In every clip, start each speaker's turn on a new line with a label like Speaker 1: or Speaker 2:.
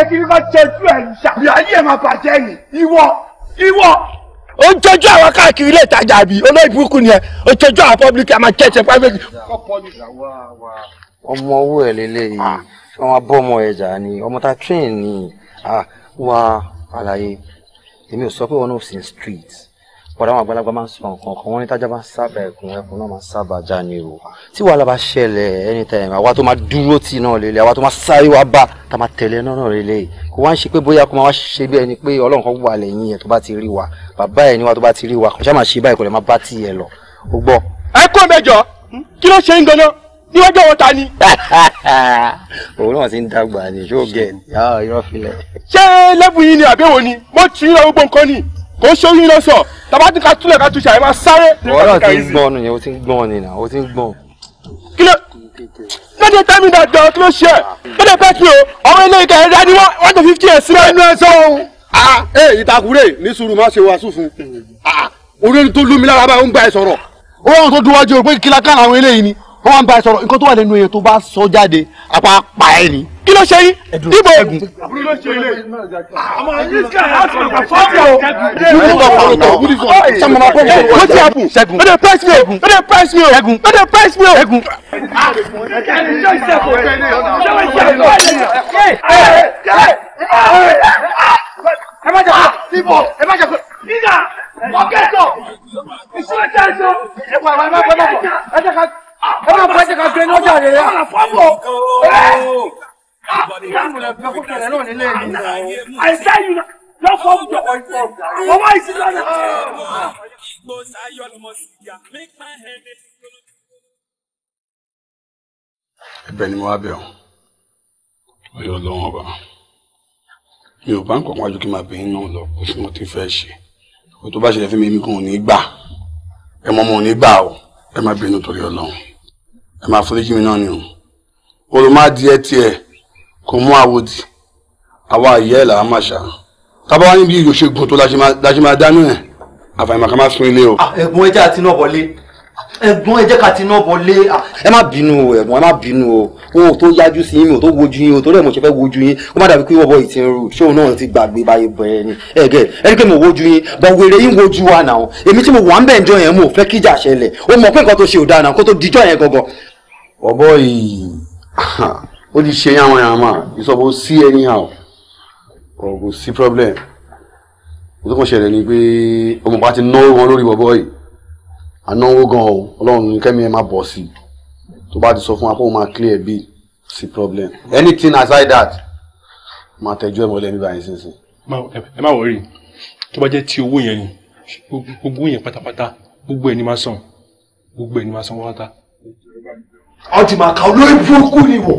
Speaker 1: ẹ kiri kọ́ tẹ́jú ẹ̀ ń ṣàbí ayé ẹ̀ máa bàjẹ́ yìí
Speaker 2: ìwọ ìwọ. ó ń tọ́jú àwọn káàkiri ilé ìtajà àbí olóyìn burúkú ni ẹ ó
Speaker 3: tọ́jú àwọn pọ́blíkì àmà chẹ́ẹ̀chẹ́ private. ọmọ owó ẹ lélẹyìí wọn ah. bọ ọmọ ẹja ni ọmọ ta train ni ah, wa àlàyé èmi ò sọ pé wọn ò sin street ọ̀dọ̀ àwọn àgbàlagbà máa ń sọ nǹkan kan wọ́n ní tájà máa ń sábà ẹ̀kún ẹ̀kún náà máa ń sábà já ni o tí wàhálà bá ṣẹlẹ̀ anytime àwa tó máa dúró tì náà lélẹ̀ àwa tó máa sáré wá bá tá máa tẹ̀lé náà lélẹ̀ kò wá ń ṣe pé bóyá kó máa wá ṣe bí ẹni pé ọlọ́run kan wà lẹ́yìn ẹ̀ tó bá ti rí wa bàbá ẹ̀ níwá tó bá ti rí wa kò ṣá máa ṣe báyìí kò lè máa bá tì òun náà ti ń dàgbà ní ṣóògẹ̀ ìyá ọ̀yọ́ ah, filẹ̀.
Speaker 2: ṣé lẹ́bùn yìí ni àbẹ̀wò ni mo ti ń ra gbogbo nǹkan ni kò ń ṣóyún lọ sọ tàbá ti ka túlẹ̀ ká tu ṣàyẹ̀ máa sáré. ọ̀rọ̀ ti ń
Speaker 3: gbọ́n nìyẹn o ti ń gbọ́n ni na o ti ń gbọ́n.
Speaker 2: kí ló lọ́dẹ tẹ́mi dàjọ́ kí ló ṣe ẹ̀ lọ́dẹ pẹ́ o ọmọ ilé ìkà ẹ̀dá ni wọ́n tó fifty ẹ̀ sílẹ̀. ẹnu ẹ sọ ohun. ee ah. ìtakùrẹ́ ní sùúrù má ṣe wàásù fún ah, orí tó lómi lára báyìí ó ń bá ẹ sọ̀rọ̀. ó wà wọn tó dúwájú pé kí lákàrà àwọn eléyìí ni wọn wá ń bá ẹ sọ̀rọ̀ nǹkan tó wà lẹ́nu èèyàn kí ló ṣe yín ibo ẹgùn.
Speaker 4: ṣẹ́gun ó dé price mi o ó dé price mi o ẹgùn ó dé price mi o ẹgùn.
Speaker 1: ẹ má jẹ́ kó síbò ẹ má jẹ́ kó nígbà ọ̀gẹ́tọ̀ ìṣúná jẹ́ ẹ̀ṣọ́ ẹ pa àwọn ẹgbẹ́ ẹgbẹ́ ẹgbẹ́ ẹ má bàjẹ́ ká gbé ní ọjà rẹ̀ yá. I said you lọ fọ ọmọ ọmọ ìfọ ọmọ ìsìlẹ náà.
Speaker 2: ẹ̀bẹ̀ ni mo wá bẹ̀ ọ́ ọyọ Ọlọ́run ọba mi ò bá ń kọkàn wájú kí n máa bẹyìn náà lọ kó tí mo ti fẹ́ ṣe kó tó bá ṣẹlẹ̀ fún mi èmi kò ní gbà ẹ mọ ọmọ ò ní gbà o ẹ má bínú torí Ọlọ́run ẹ má foríjì mi náà ni o olùmọ̀ adìẹ tiẹ̀ kò mú àwòdì àwa àyẹ́ ẹ̀ làá máa ṣá tábà wá níbi ìyò ṣègùn tó láṣẹ máa dánú ẹ̀ àfàìmọ̀ ká má sún ilé o.
Speaker 3: Ah, ẹ̀gbọ́n ẹja àti náà wọlé ẹ̀gbọ́n ẹ jẹ́ ká ti náà bọlé. Ah. ẹ má bínú o ẹ̀gbọ́n ẹ má bínú o o tó yájú sí yín o tó wojú yín o tó lẹ́ẹ̀mọ̀ ṣe fẹ́ wojú yín o má dàbí pé wọ́bọ̀ ìtì ń rù ṣóun náà ti gbàgbé báyé bọ̀ ẹ ni ẹ gẹ̀ ẹ ní pé mo wojú yín bọ̀ wèrè yín wojú wa náà èmi tí mo wà ń bẹ̀ ǹjọ́ yẹn mo fẹ́ kíjà ṣẹlẹ̀ o mọ̀ pé nǹkan tó ṣe ò dáa náà kó tó dijọ́ yẹn gangan. ọ̀bọ yìí ó ti ṣe yàwọn yàmà ìsọ̀bù sí anyhow ọ̀ kò sí problem tó kàn ṣẹlẹ̀ ni pé ọmọ bá ti náwó wọn lórí bọ̀bọ̀ yìí ànáwó gan o ọlọ́run kẹ́mi ẹ̀ máa bọ̀ sí i tó bá ti sọ fún wa kó o máa clear bí sí problem anything aside that máa tẹjú ẹ mọ́lẹ̀ nígbà yẹn sínsìn.
Speaker 2: ẹ má wọrí tó bá jẹ́ ti owó yẹn ni gbogbo yẹn pátápátá gbogbo ẹ̀ ni máa san gbogbo ẹ̀ ni máa san wáátá. ọtí màkà olórí burúkú ni wò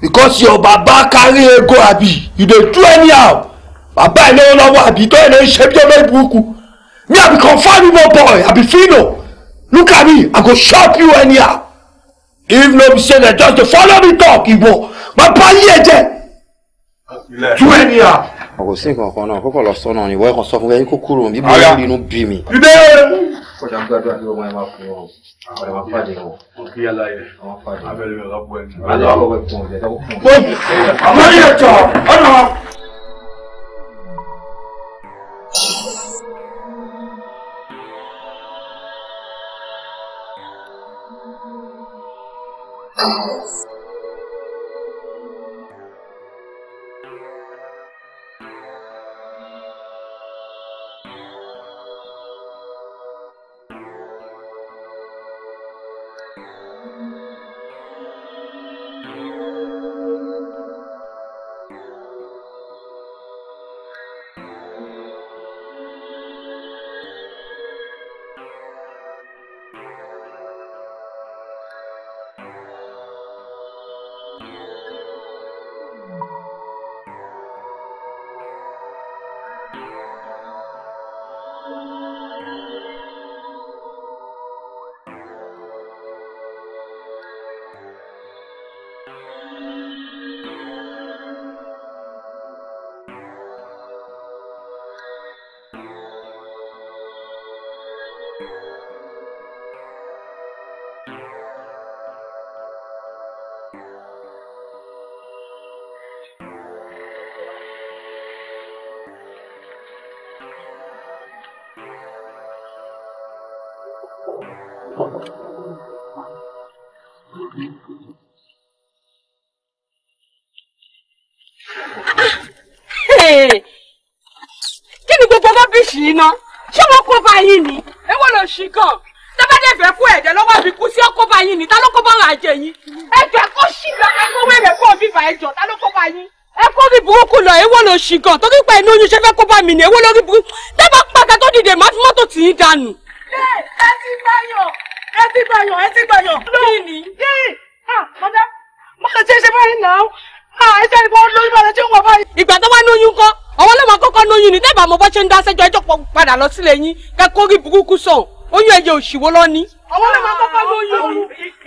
Speaker 2: because your baba carry ego abi you dey do anyhow baba no lọ́wọ́ lọ́wọ́ abi tó ẹ lọ ṣe bí ọmọ ìbùkún me i be confam you boy i be fino look at me i go chop you anyhow if no be say dem just dey follow me talk igbo baba yìí ẹ jẹ do anyhow.
Speaker 3: ọkọ sí nǹkan kan náà kókò lọ sọ náà ni ìwọ ẹ kàn sọ fún mi kó kúrò níbi orí inú bí mi kọjá gbàdúrà kí wọn máa fún wọn ọ̀rẹ́ wọn fàdé wọn. wọn kí yàrá yẹ wọn fàdé. abẹ́rẹ́ bẹ̀rẹ̀ lọ́pọ̀ ẹ̀ ní. alẹ́ ọ̀rọ̀ wẹ̀ kún ọ̀jẹ̀ dáwọ́ kún. ọmọ yẹn jọ ọ̀nà.
Speaker 5: Thank you.
Speaker 1: ṣì í ṣé wọn kó bá yín ni èwo ló ṣì gan tẹ́fẹ́dẹ́ fẹ́ kú ẹ̀jẹ̀ lọ́wọ́ mi kú sí ọkọ̀ bá yín ni ta ló kó bá jẹ yín ẹ̀jẹ̀
Speaker 2: kó ṣì lọ ẹ̀kọ́ wẹ̀rẹ̀
Speaker 1: fún òbí bá ẹ̀jọ̀ ta bá yín. ẹ kó burúkú lọ èwo ló ṣì gan torí pé inú oyún ṣe fẹ́ kó bá mi ni èwo ló rí burúkú tẹ́fẹ́ pàkà tó dìde má fi mọ́tò tì í dànù. bẹ́ẹ̀ ẹ ti gbàyàn ẹ ti gbàyàn ẹ ti gbàyàn. kí ni. yéè ah mọ̀dá mọ̀dá tí ẹ ṣe báyìí náà ah ẹ ọwọ́ lọ́wọ́ kọ́kọ́ ní ni dẹ́gbà mo bọ́ ṣe ń dá sẹ́jọ́ ẹjọ́ padà lọ sílẹ̀ yín kẹ́kọ́ rí burúkú sàn oyún ẹ̀jẹ̀ òṣìwò lọ́ní. ọwọ́ lọ́wọ́ kọ́kọ́ ní oyún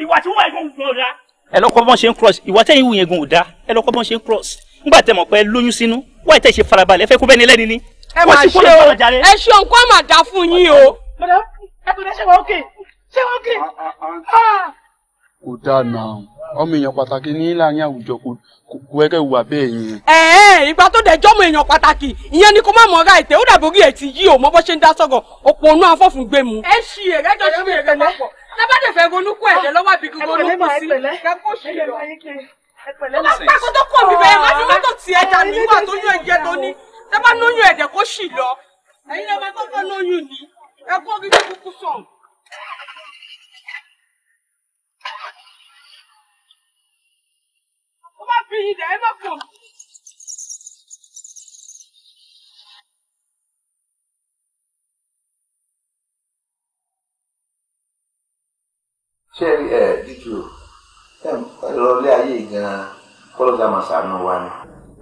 Speaker 1: ìwà ẹ̀gbọ́n lọ
Speaker 2: bọ́n ṣe ń cross ò ẹ bọ́n ṣe ń cross mọ̀ pé lóyún sínú wáyé tẹ̀ ṣe farabalẹ̀ ẹ fẹ́ kó o ẹ ṣe òǹkọ́ wẹ́gẹ́ wà bẹ́ẹ̀ yẹn.
Speaker 1: ẹ̀ẹ́ ìgbà tó dẹ̀ jọ́mọ èèyàn
Speaker 2: pàtàkì ìyẹn ni kó má mọ̀ ra ìtẹ̀ ó dàbò rí ẹ̀ ti yí o mọ́ bó ṣe ń dá sọ̀rọ̀ òpó onú afọ́fun gbé mu.
Speaker 1: ẹ ṣì ẹ rẹjọ ṣì ẹ rẹ papọ̀ tábàdé fẹ́ ronúkú ẹ̀jẹ̀ lọ́wọ́ àbí gbogbo onúkú sí pàkó tó kọ̀ bíbẹ̀ ẹ̀ máa fi mọ́tò tiẹ̀ dà nígbà tó yún ẹ̀jẹ̀ tó ní tábà lóyún ẹ̀jẹ̀ kó ṣì lọ ẹ̀yin dẹ̀ ẹ má pọ̀.
Speaker 4: ṣé ẹ díjú ẹ lọlé ayé gan-an kọ́lọ́dà máa ṣàánú wa ni.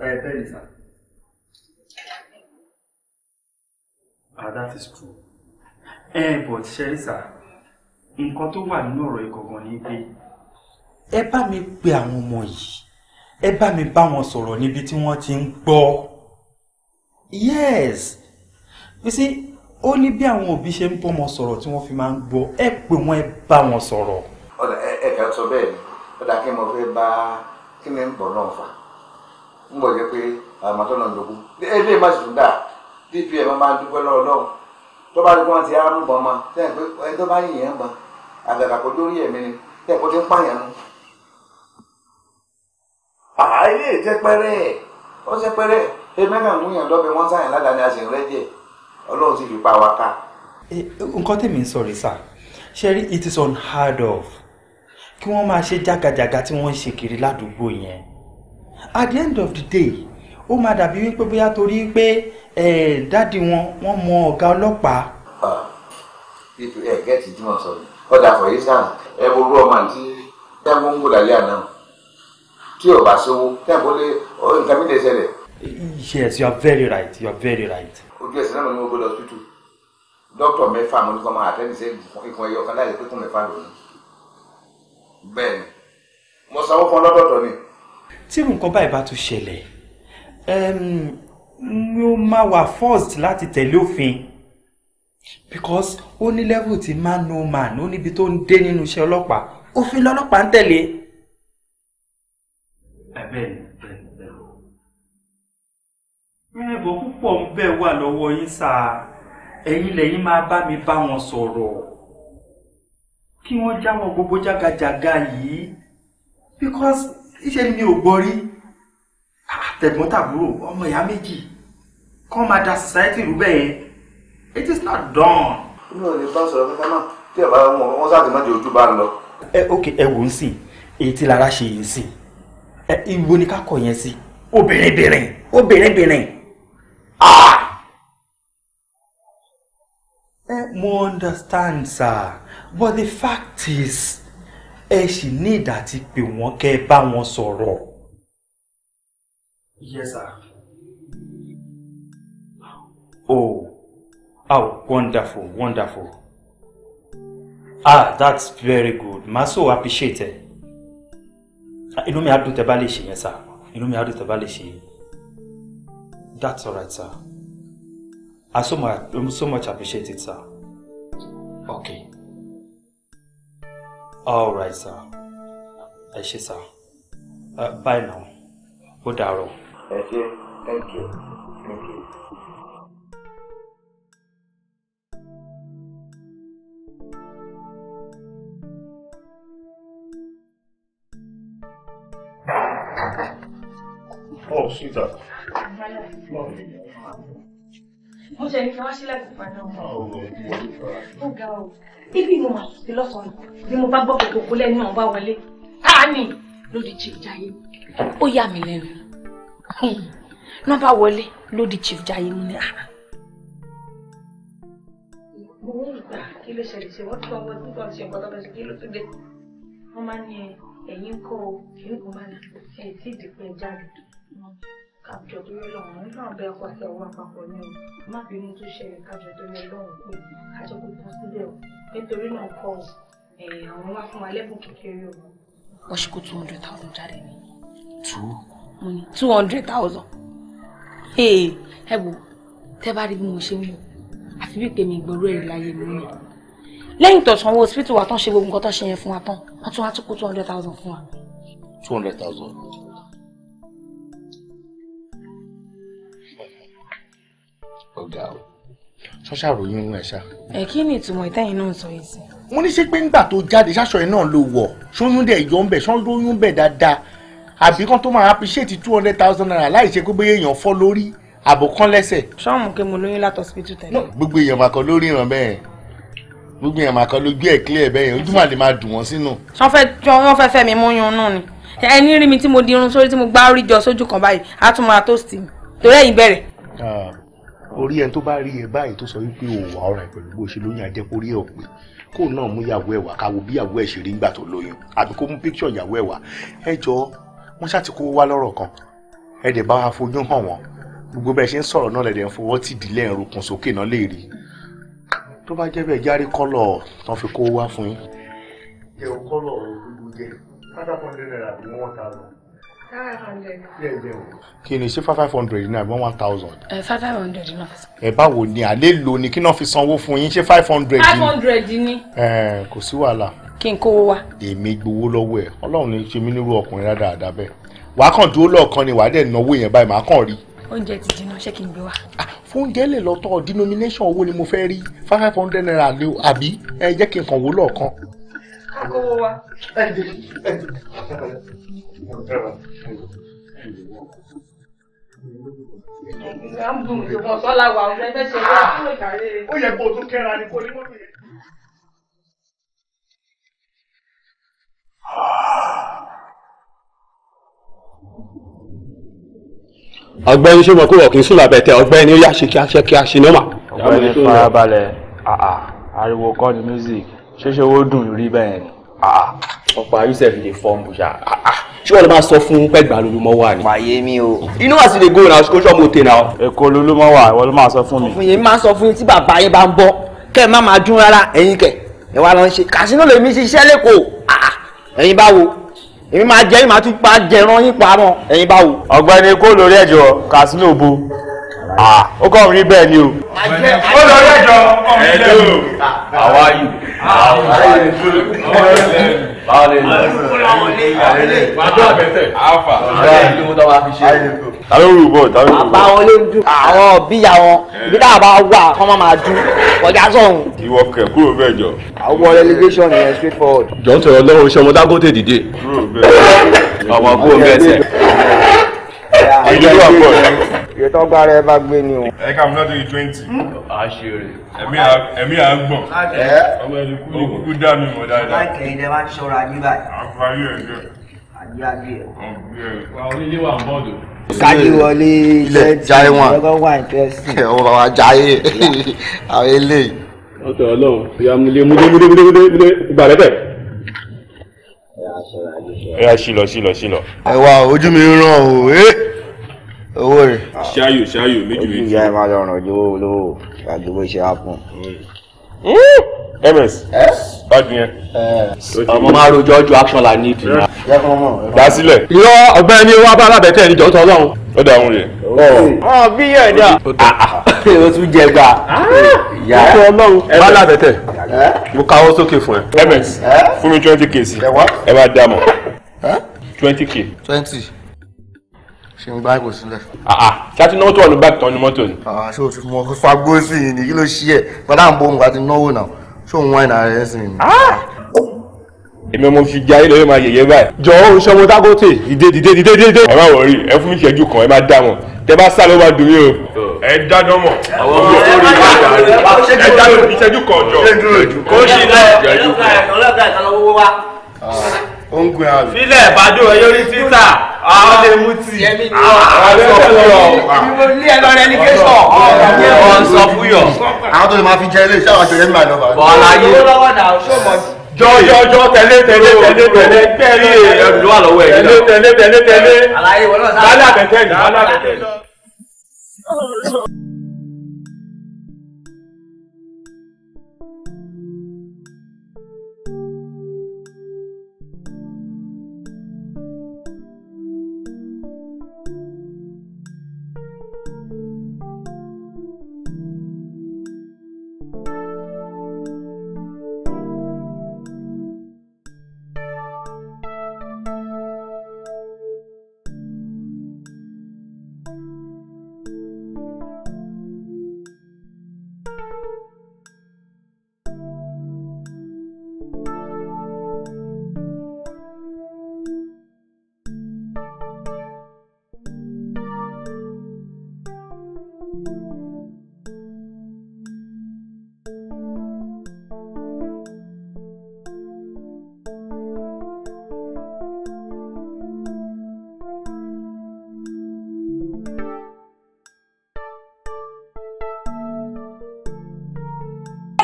Speaker 4: ẹ bẹ́ẹ̀ ni sà. ah that is true.
Speaker 2: ẹ but ṣẹ́rí sà nǹkan tó wà nínú ọ̀rọ̀ ìkọ̀ọ̀kan ni pé. ẹ bá mi pe àwọn ọmọ yìí ẹ bá mi bá wọn sọ̀rọ̀ níbi tí wọ́n ti ń gbọ́ yes you see ó ní bí àwọn òbí ṣe ń bọ́mọ sọ̀rọ̀ tí wọ́n fi máa ń gbọ́ ẹ pè wọ́n ẹ bá wọn sọ̀rọ̀.
Speaker 4: ọ̀dà ẹ kà sọ bẹ́ẹ̀ ni ọ̀dà kí mo fẹ́ bá kí ni ń bọ̀ náà fà ń bọ̀ jẹ́ pé àmọ́tọ́ náà lógún
Speaker 2: ẹ lè má sùn dà dpm máa dúpẹ́ lọ́wọ́ lọ́wọ́ tó bá rí kí wọ́n ti á mú bọ́n
Speaker 4: ma ilé ìtẹ́pẹ́rẹ́ ó tẹ́pẹ́rẹ́ ẹ mẹ́ta ń
Speaker 2: yàn dọ́bẹ̀ wọ́n sáyẹn ládàá ni a sì ń rẹ́jẹ̀ ọlọ́run sì fi pa wa ká.
Speaker 3: nǹkan tèmi ń sọ rèé sà ṣẹ́rí it is unheard of kí wọ́n máa ṣe jágajàga tí wọ́n ń ṣe kiri ládùúgbò yẹn at the end of the day ó máa dàbí wípé bóyá torí
Speaker 2: pé dáàdi wọn wọ́n mọ ọ̀gá ọlọ́pàá. ètò ẹ̀ gẹ́tì tí mo sọ ọ̀dà for instance ẹ wo rú ọmọ àti ẹ wo ń wò lálẹ́ àná tí o bá sówó tẹ́ǹkó lé nǹkan mi lè ṣẹlẹ̀.
Speaker 3: yes you are very right you are very right.
Speaker 2: ojú ẹsẹ̀ náà ni mo gbọ́dọ̀ tútù dókítà mẹ́fà mo ní kọ́ máa àtẹ́nisẹ́ ikùn ẹyọ kan láyé pípọ̀ mẹ́fà lónìí bẹ́ẹ̀ ni mo sanwó fún ọlọ́dọ̀dọ̀ ni. tí nǹkan báyìí bá tún ṣẹlẹ̀ mo máa wà forced láti tẹ̀lé òfin because ó ní level ti man no man ó níbi tó ń dé nínú iṣẹ́ ọlọ́pàá òfin lọ́lọ́pàá ń tẹ̀lé bẹ́ẹ̀ ni bẹ́ẹ̀ ni bẹ́ẹ̀ ni. ẹ̀bùn púpọ̀ ń bẹ̀ wà lọ́wọ́ yín sáà ẹ̀yin lẹ́yìn máa bá mi bá wọn sọ̀rọ̀ kí wọ́n jáwọ́ gbogbo jágajàga yìí because iṣẹ́ ni mi ò gbọ́ rí àtẹ̀gbọ́ntàbúrò ah, ọmọ ìyá méjì kọ́ máa da society rú bẹ́ẹ̀ it is not done. mi ò lè bá sọ̀rọ̀ kankan náà tí ẹ̀ bá wọn wọ́n sáà ti má di ojú bá ń lọ. ẹ ok ẹ wò ó sìn èyí tí lára ṣe yìí
Speaker 3: sìn ẹ ìwo ni ká kọ yẹn sí
Speaker 1: obìnrin bìnrin obìnrin bìnrin
Speaker 3: ah! ẹ mo understand sir but the fact is ẹ sì ní ìdàtí pé wọ́n kẹ́ ẹ bá wọn sọ̀rọ̀. yes sir. oh oh wonderful wonderful ah that's very good ma so appreciate it inú mi á dùn tẹ́ bá lè ṣe yẹn sá inú mi á dùn tẹ́ bá lè ṣe yẹn that's all right sir I so much I so much appreciated, sir okay all right sir ẹ ṣé sir uh, bye now ó dàárọ̀.
Speaker 5: ẹ ṣé thank you thank you.
Speaker 1: sweetheart. Mo ṣe ní kí wá sílẹ̀ kó padà wọn. Ó ga o. ibi mo mà sí lọ́sàn bí mo bá gbọ́ pé kòkó lẹ́nu náà bá wọlé. Káàní lódì chief Jayé. Ó yà mí lẹ́nu. Nọ́mbà wọlé lódì
Speaker 2: chief Jayé mo ní àná.
Speaker 1: Mo ń kí ló ṣẹlẹ̀ ṣe wọ́n tún ọmọ tí wọ́n ṣe nǹkan tó kí ló tún dé. Wọ́n máa ń ní ẹ̀yìn kó o kí n kò máa nà ẹ̀ tí ìdìpẹ́ jáde wọ́n ṣe kó two hundred thousand jáde ní. two. mo ní two hundred thousand. ẹ wo tẹ bá rí bí mo ṣe ń wò àfi bí pé mi gbòòrò láyé mi rìn lẹ́yìn tó hospital wa tán ṣe gbogbo nǹkan tó ṣe yẹn fún wa tán wọ́n tún wá tún kó two hundred thousand fún wa.
Speaker 2: two hundred thousand. ọ̀gá o ṣọ́ṣà ròyìn ohun ẹ̀ ṣá.
Speaker 1: ẹ kí ni ìtumọ̀ ìtẹ́yìn náà sọ yìí sí.
Speaker 2: mo ní ṣe pé ńgbà tó jáde ṣáṣọ yẹn náà ló wọ̀ ṣóyún dẹ̀ yọ ń bẹ̀ ṣóyún bẹ̀ dáadáa àbí kan tó máa appreciate two hundred thousand naira láì ṣe pé bóyá èèyàn fọ́ lórí àbò kan lẹ́sẹ̀. sọ́ọ̀mù kí mo lóyún láti hospital tẹ̀lé. gbogbo èèyàn máa kọ lórí ìràn bẹ́ẹ̀ gbogbo èèyàn máa kọ lójú ẹ̀ clear bẹ́ẹ̀ ojú màlè máa dùn wọ́n sínú.
Speaker 1: wọ́n fẹ́ fẹ́ mi mú yun náà ni ẹni rí mi tí mo di irun sórí tí mo gbá orí jọ sójú kan báyìí á tún máa tó sí mi torí ẹ̀yìn bẹ̀rẹ̀.
Speaker 2: Ah orí ẹni tó bá rí ẹ báyìí tó sọ wípé o wà ọ̀ràn pẹ̀lú bó ṣe lóyún ajẹ́ kó rí ẹ ọ̀pẹ kó náà mú ìyàwó ẹ wá káwo bí ìyàwó ẹ ṣe rí ńgbà tó lóyún àbí kó mú píkṣọ ìyàwó ẹ wá ẹ jọ wọn ṣàti kó wá lọ́rọ̀ kan ẹ dẹ̀ bá wa fojú hàn wọ́n gbogbo bẹ́ẹ̀ ṣe ń sọ̀rọ̀ náà lẹ́dẹ̀ ń fọwọ́ tì dílé ẹ̀rù kùn sókè náà lè tó bá jẹ́ bẹ́ẹ̀ járí kọ́lọ̀ tán fi kó wá fún yín. ẹ ò kí ni ṣé five hundred ní àbí one thousand. ẹ eh, five hundred náà. ẹ báwo ni àlè lò ní kí náà fi sanwó fún yín ṣé five hundred ni. five hundred ni. ẹ kò sí wàhálà. kí n kówó wa. èmi gbowó lọ́wọ́ ẹ̀ ọlọ́run ni ṣe mí nírú ọkùnrin dáadáa bẹ́ẹ̀ wàá kàn dúró lọ́ọ̀kan ni wàá dẹ̀ náwó yẹn báyìí màá kàn rí oúnjẹ ti dínà ṣé kí n gbé wá. Ah, fóúnjẹ lè lọ denomination owó ni mo fẹ́ rí five hundred naira àbí ẹ jẹ́ kí n kàn wó lọ́ọ̀kan.
Speaker 1: Какого вас? Ó
Speaker 5: yẹ kó o tún kẹ́ra ni kó ní mọ́tò yẹn.
Speaker 4: ọ̀gbẹ́ni ṣé mo kúrò kí n sùn lábẹ́ tẹ
Speaker 2: ọ̀gbẹ́ni ó yá ṣe kíá ṣe kíá ṣe nọ́mà. ọ̀gbẹ́ni farabalẹ̀ ah, ah, ariwo kọ́ ni music ṣeéṣe owó dùn rí bẹ́ẹ̀ ni. Ah, ọ̀pọ̀ Yusuf lè fọ́ọ̀mù ṣá ah, ah, ṣé wọ́n lè máa sọ fún pẹ́gbà lolúmọ́ wà ni. wàyé mi o. inú wa sì lè go na social motel na. èkó lolúmọ́ wà wọ́n ló máa sọ fún mi. òfin yẹn máa sọ fún yín tí bàbá yín bá ń bọ́ kẹ́ ẹ má máa dún rárá ẹ̀yin kẹ̀ ẹ wá lọ ń ṣe kàṣínú lèmi ṣiṣẹ́ lẹ́kọ̀ọ́ ẹ̀yin báwo èmi máa jẹ́ ìmọ̀
Speaker 4: àti pa jẹran yín parọ́ ẹ̀yin báwo. ọ̀gbẹ́ni kó lórí ẹ̀jọ̀ kàṣínú òbo ó kọ́ mi rí bẹ́ẹ̀ ni o. ó lórí ẹ̀jọ̀ ó bẹ́ẹ̀ o. àwa yìí àbáwọlé ń dùn àwọn
Speaker 2: òbí ya wọn ibi tá a bá wà kọ́ máa máa dùn kọjá sọ̀hún. ìwọ kẹ kúrò bẹ́ẹ̀ jọ.
Speaker 4: àwọn relegation yẹn straight forward.
Speaker 2: jọ ń sọ̀rọ̀ lọ́wọ́ iṣẹ́ ọmọ Dangote dìde. kúrò bẹ́ẹ̀ ọmọ kúrò bẹ́ẹ̀ sẹ́.
Speaker 4: ìdílé wà pọ̀ ètò ọgbà rẹ bá gbé ni o.
Speaker 1: ẹ ká mú lọ́dún yìí
Speaker 4: twenty. Hmm? a ṣe rè.
Speaker 2: ẹ̀mí à ẹ̀mí à ń gbọ̀n. ọmọ
Speaker 1: ẹni kú ní kúkú dá mi mọ̀ dáadáa. láì kẹ́yìn dẹ́ máa ń ṣọ́ra nígbà yìí. àfààní ẹ̀ jẹ́. àgbẹ̀ àgbẹ̀ ẹ̀. wà á onílé wà ń bọ̀ dò. kájí wọlé ilé jayé wọn kẹ ọ bàbá jayé
Speaker 4: àwọn eléyìí. ọ̀tọ̀ Ọlọ́run ìyá múlé múlé múlé múlé múlé ìgbà rẹ bẹ́ẹ̀
Speaker 1: ẹ yà sílọ
Speaker 2: sílọ
Speaker 3: sílọ. ẹ wá ojú mi ń ràn o eh! owó rẹ̀
Speaker 2: ṣáyò ṣáyò méjì méjì.
Speaker 3: ìyá ẹ máa lọ ràn jówó olówó àdúgbò ṣe àpọn. ms
Speaker 2: gbádùn yẹn. ọmọ máa rojọ́ ju action la need. gbà sílẹ̀. irọ́ ọ̀gbẹ́ni wa bá alábẹ̀tẹ̀ níjọ́ tọ́ lọ́hùn. ó dà òun yẹn.
Speaker 4: ọ bí yẹn dà.
Speaker 2: o ah, ah. tún jẹ gbà. Ah!
Speaker 4: ìyá ọlọ́run.
Speaker 2: bá alábẹ̀tẹ̀ mo káwọ́ sókè fún ẹ. ms fún mi twenty k sí ẹ bá dá mọ́ twenty
Speaker 4: k. twenty ṣe ń gbá ìkò sílẹ̀.
Speaker 2: ṣáàtì náwó tó wà ní báàgì tán ní mọ́tò
Speaker 4: ni. ṣé o ti mọ fagbó sí i ni kí ló ṣí ẹ padà ń bọ òun àti náwó náà ṣé òun wáìnì ara ẹ sì ni. èmi ọmọ fi jẹ ayélujára máa yẹyẹ báyìí. jọ ohun ṣe ọmọ Dangote
Speaker 2: dìde dìde dìde dìde. ẹ má wọrí ẹ fún mi ìṣẹ́jú kan ẹ má dá wọn tẹ bá sá ló máa dùn mí o. ẹ dáná mọ. àwọn ọmọ tó rí
Speaker 1: i máa dà ẹ dáná
Speaker 2: ìṣẹ́jú kan jọ. kó ṣe náà ìṣẹ́jú kan. ọlọ́gá ìtàn lọ́wọ́ ó ń gun àwẹ̀. sílẹ̀ ìbájú ẹ yọrí
Speaker 4: títà àwọn lè mú tì. àwọn lè sọ fún yọ. ilé ẹ lọrẹ ní kéṣọ. wọn sọ fún yọ. àwọn tó lè máa fi jẹ ilé iṣẹ́ àwọn àjọyẹ̀ ń bá lọ. bọ́ọ̀lá yé
Speaker 1: jọjọjọ
Speaker 4: tẹ̀lé tẹ̀lé tẹ̀lé tẹ̀lé tẹ̀lé ẹrù wà lọ́wọ́ ẹ tẹ̀lé tẹ̀lé tẹ̀lé tẹ̀lé alaye wọlọsàn alabẹtẹ ni alabẹtẹ ni.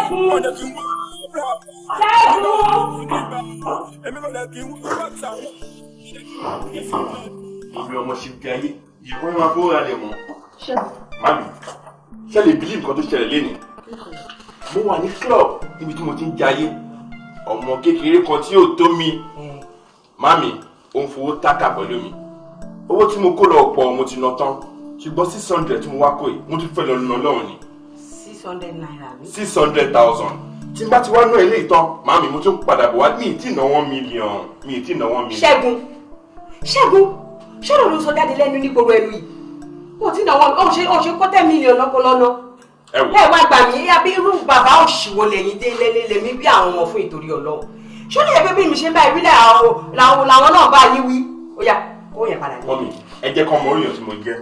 Speaker 1: ọ̀nà kí n wá rà ọ̀nà kí n gbà
Speaker 2: mami ṣe lè bílí nǹkan tó ṣẹlẹ̀ lẹ́nu. mo wà ní club níbi tí mo ti ń jayé ọmọ kékeré kan tí yóò tó mi mami ó ń fowó tákà pẹ̀lú mi owó tí mo kó lọ pọ̀ mo ti ná tán ṣùgbọ́n six hundred tí mo wá kó yìí mo tún fẹ́ lọ nà lọ́rùn ni six hundred thousand tí n bá ti wá ná ilé ìtàn màámi mo tún padà bọ̀ wá mi ì ná one million mi ì ná one million. ṣẹ́gun ṣẹ́gun ṣọ́rọ̀ ló sọ jáde lẹ́nu ní gbogbo ẹnu yìí o ti ná one o ṣe o ṣe kó ten million lọ́pọ̀lọ́nà. ẹ wò ẹ wá gbà mí àbí irú bàbá òṣìwò lẹ́yìn dé lẹ́lẹ́lẹ́mí bí àwọn
Speaker 1: ọmọ fún ìtòrí ọlọ́run ṣọ́rọ̀ yẹ bí mi ṣe ń bá ìbílẹ̀ làwọn náà bá yí wí ó yá kó yẹn padà ní. mọ́mí
Speaker 2: ẹ jẹ́ kọ́ mọ oríyàn tí mo jẹ́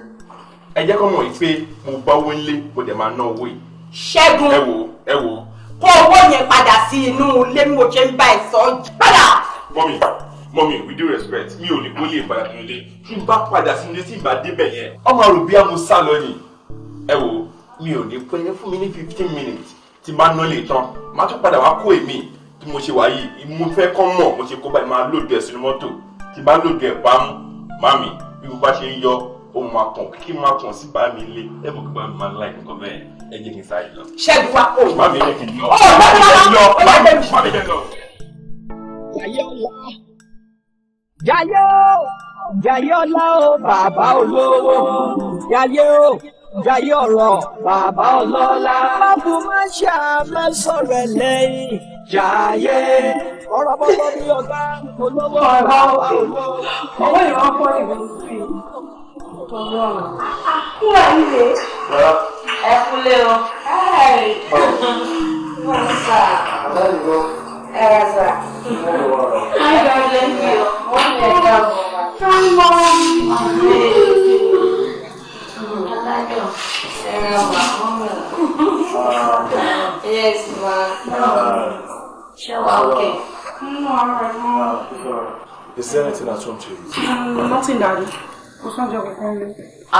Speaker 2: ẹ jẹ́ kọ́ mọ̀ pé mo gbáwó ńlé mo dẹ̀ máa ná owó yìí ṣẹ́gun. ẹ wo wo. kó owó yẹn padà sí inú ilé mo ṣe ń bá ẹ sọ padà. mọ́mí mọ́mí with due respect mi ò ní kó lè padà sínú ilé tí n bá padà sínú ilé tí ìbá débẹ̀ yẹn ọmọ rò bí amú sá lọ ni. ẹ wo mi ò ní pẹ́ fún mi ní fifteen minutes tí n bá ná lè tán má tún padà wá kó èmi tí mo ṣe wá yìí mo fẹ́ kọ́ mọ̀ mo ṣe kó báyìí máa lòdì ẹ̀ sínú mọ́tò tí bá lòdì ẹ̀ bá mú màmí bí mo bá ṣe ń yọ ohun akàn kí n máa kàn sí bá mi lé ẹ̀ mọ̀ kí bá mi máa láì nǹkan bẹ́ẹ̀ ẹ jẹ́ kí n sáré lọ. o. má mi jẹ́ kí n lọ. ó má mi
Speaker 1: lọ má mi jẹ́ má mi jẹ́ lọ. Jayọ̀lá Jayọ̀ Jayọ̀lá o bàbá olówó Jayọ̀ o Jayọ̀ ọ̀rọ̀ bàbá ọlọ́lá. Báwo má ṣe àmọ́ sọ̀rọ̀ ẹ̀ lẹ́yìn? Jayé ọ̀rọ̀ bọ́lá ní ọ̀gá olówó. Ọ̀rọ̀ òkè ọwọ́ Ọlọ́run. Kú wà nílé. Ẹ kúlé o. Wọ́n sà. Ẹ wá sà. Ayé ọ̀rọ̀ lẹ́yìn o. Wọ́n lè dá ọ̀rọ̀ wa. Sọ́mọ́. Alájọ. Ẹ rẹ̀ wà mọ́mọ́. Yes, ma. Ṣé wàá òkè? Nínú ọ̀rọ̀ ẹ̀
Speaker 2: Is there anything at home to you?
Speaker 1: Um, nothing, Daddy kò sọ́jọ́ kankan lé.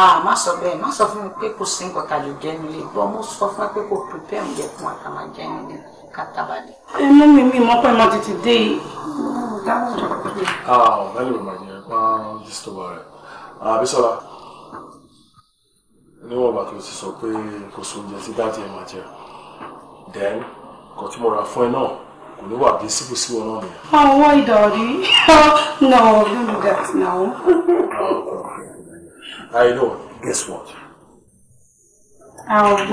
Speaker 1: ah má sọ bẹ́ẹ̀ má sọ fún mi pé kò sí nǹkan tá a lè jẹ nílé gbọ́ mo sọ fún ẹ pé kò prepare oúnjẹ fún àtàmà jẹ nílé kátàbàdé. ẹ mú mi mi mọ́ pé mo dé yìí. ah ọ̀gbẹ́ni ò máa yẹ pa
Speaker 2: disturb rẹ̀ Abisola ah, níwọ̀n bàtà o ti sọ pé kò sóúnjẹ tí dáàtì ẹ̀ máa jẹ then kò tí mo ra fún ẹ náà kò ní wà bí síbòsíbò náà nìyẹn.
Speaker 5: oh why daddy no don't do that now.
Speaker 1: I know guess what. Um,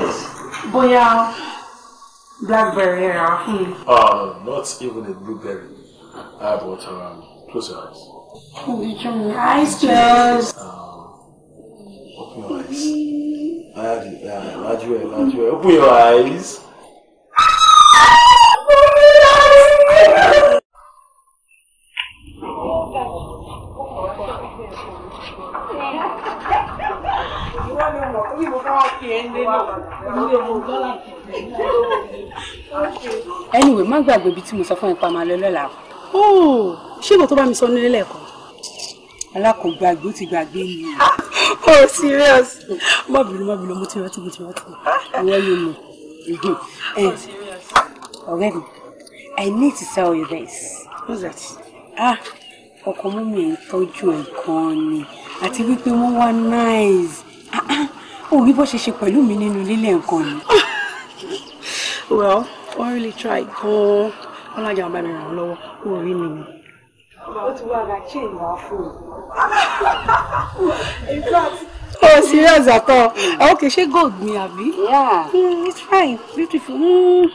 Speaker 1: bóyá blackberry ra fún mi. not even a blueberry I bought um, close your eyes. Did you mean eyes closed? Open your eyes. Uh,
Speaker 2: large, large, large, large. Open your eyes anyway má gbàgbé ibi tí mo sọ fún ẹ pa máa lọ lọ́la o oh, ṣé ìwọ tó bá mi sọ nílé lẹ́ẹ̀kan. alákòógbàgbé ó ti gbàgbé ni. oh serious. má bínú má bínú mo ti rántí
Speaker 1: mo ti rántí ìwọ yóò mọ oh, ọ̀rẹ́ mi. I need to tell you this. What's that? Ah, ọkọ mú mi ń tọ́jú ẹ̀ gan ni àti wípé wọ́n wá nice. Ah, ah, ó rí bó ṣe ṣe pẹ̀lú mi nínú lílé nǹkan ni. Well, I really try gan-an. Wọ́n lájà wọn bá mi ràn án lọ́wọ́. Ó rí mi ni ó Oh, serious at all. Mm. Okay, ṣé gold ni àbí? Yeah. Mm, it's fine, beautiful. Hmm.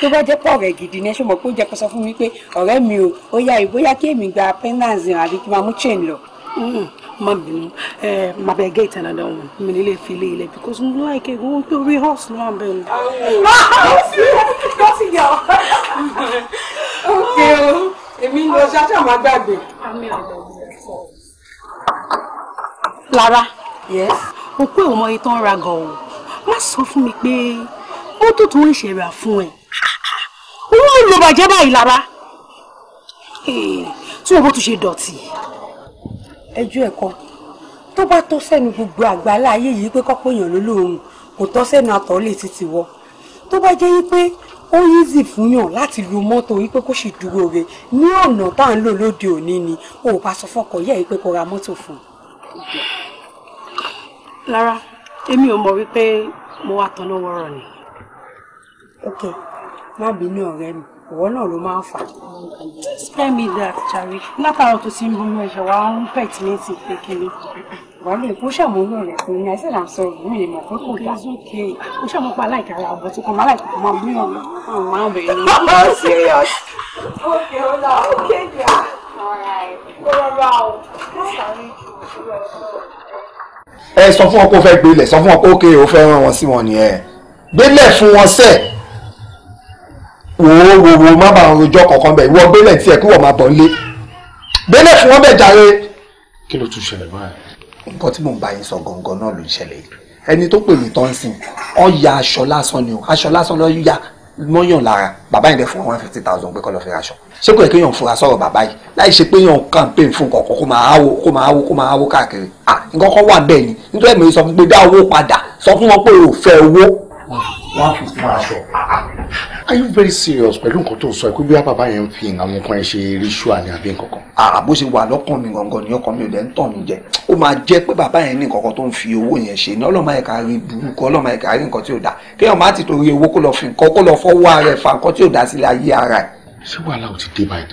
Speaker 1: Tó bá jẹ́ pọ̀ ọ̀rẹ́ gidi ni ẹ ṣe mọ̀ pé ó jẹ́ kó sọ fún mi pé ọ̀rẹ́ mi o, ó yá ìbò yá kí èmi gba pendants àbí kí n máa mú chain lọ. Hmm. Má bínú, eh, màá bẹ gé ìtàn dandan wọn, mi nílé fi ilé ilẹ̀ because mo like it. pé orí horse ló wà ń bẹ̀rù. Ó sì yọ. Ó sì yọ. Okay o. Oh èmi ń lọ ṣáṣá máa gbàgbé. Lára mo pé òun mọyì tó ń ra gan o má sọ fún mi pé mọ́tò tó ń ṣe rà fún ẹ owó ló bàjẹ́ báyìí Lára eh, tí owó tún ṣe dọ̀tí.
Speaker 2: ẹjọ́ ẹ̀kọ́ tó bá tó sẹ́nu gbogbo àgbáláyé yìí pé kọ́pọ̀ èèyàn ló lóun kò tọ́ sẹ́nu àtọ̀ lè ti tì wọ́ tó bá jẹ́ yí pé ó yízì fún yàn láti lu mọ́tò yìí pé kó sì dúró re ní ọ̀nà tá à ń lò lóde òní ni o ò bá sọ fọkọ yẹ yìí pé kó ra mọ́tò fún un. Lára èmi ò mọ̀ wípé mo wá tọ́nà wọ́rọ̀ ni. ok má bínú ọ̀rẹ́ mi ìwọ náà
Speaker 1: ló máa ń fà. spare me that jàre látàárọ̀ tó ti ń bọ́ mọ́ ẹ̀ṣẹ̀ wa ń pẹ̀ tí ní ti pé kí ni. wàá lóye kó ṣàmúlò rẹ̀ fún mi àìsàn àmì sọ̀rọ̀ mi lè mọ̀ pé kò dá. kó ṣàmúlò pa aláìka ara ọ̀bọ̀ tó kọ́ máa láìka máa bí wọn máa bẹ̀rẹ̀ ní. oh serious okay hold on okay dear alright kó
Speaker 3: rọra o má sáré jù lọ ẹ sọ fún wọn kó fẹ́ gbélé sọ fún wọn kó kéè ó fẹ́ rán wọn sí wọn nìyẹn gbélé fún wọn sẹ́ẹ̀ wò ó wò wò má
Speaker 2: bàa rojọ́ kankan bẹ̀ ìwọ gbélé tiẹ̀ kí wọ́n máa bọ̀ nílé gbélé fún wọn bẹ̀ jàre. kí ló tún ṣẹlẹ̀ báyìí. nǹkan tí mò ń bá yín sọ gangan náà ló ń ṣẹlẹ̀ yìí ẹni tó pè mí tán sìn ọ ya aṣọ lásán ni o aṣọ lásán lọ ya mọ́yàn lára bàbá yẹn dẹ̀ fún one fifty thousand pé kọ́ lọ fi raṣọ ṣé kò yẹ kéèyàn fura sọ̀rọ̀ bàbá yìí láì ṣe pé yàn campaign fún kọ̀ọ̀kan kó máa háwo kó máa háwo kó máa háwo káàkiri à nǹkan kan wà bẹ́ẹ̀ ni nítorí èmi sọ fún pé dá owó padà sọ fún wọn pé o
Speaker 1: fẹ́ owó. one fifty aṣọ
Speaker 2: are you very serious pẹ̀lú nǹkan tó ń sọ ẹ̀ pé bí bàbá yẹn ń fi àwọn nǹkan ẹ̀ ṣe ritual ní àbí nǹkan kan. àbó ah, ṣe wà lọ́kàn mi gangan ni ọkàn mi ò dẹ̀ ń tàn mí jẹ ó máa jẹ́ pé bàbá yẹn ní nǹkan tó ń fi owó yẹn ṣe ní ọlọ́mọ ẹ̀ka rí burúkú ọlọ́mọ ẹ̀ka rí nǹkan tí ò dáa kéèyàn má ti torí owó kó lọ fi nǹkan kó lọ fọwọ́ ara ẹ̀ fa nǹkan tí ò dáa sílẹ̀ ayé ara ẹ̀. ṣé wàhálà ò ti dé báyìí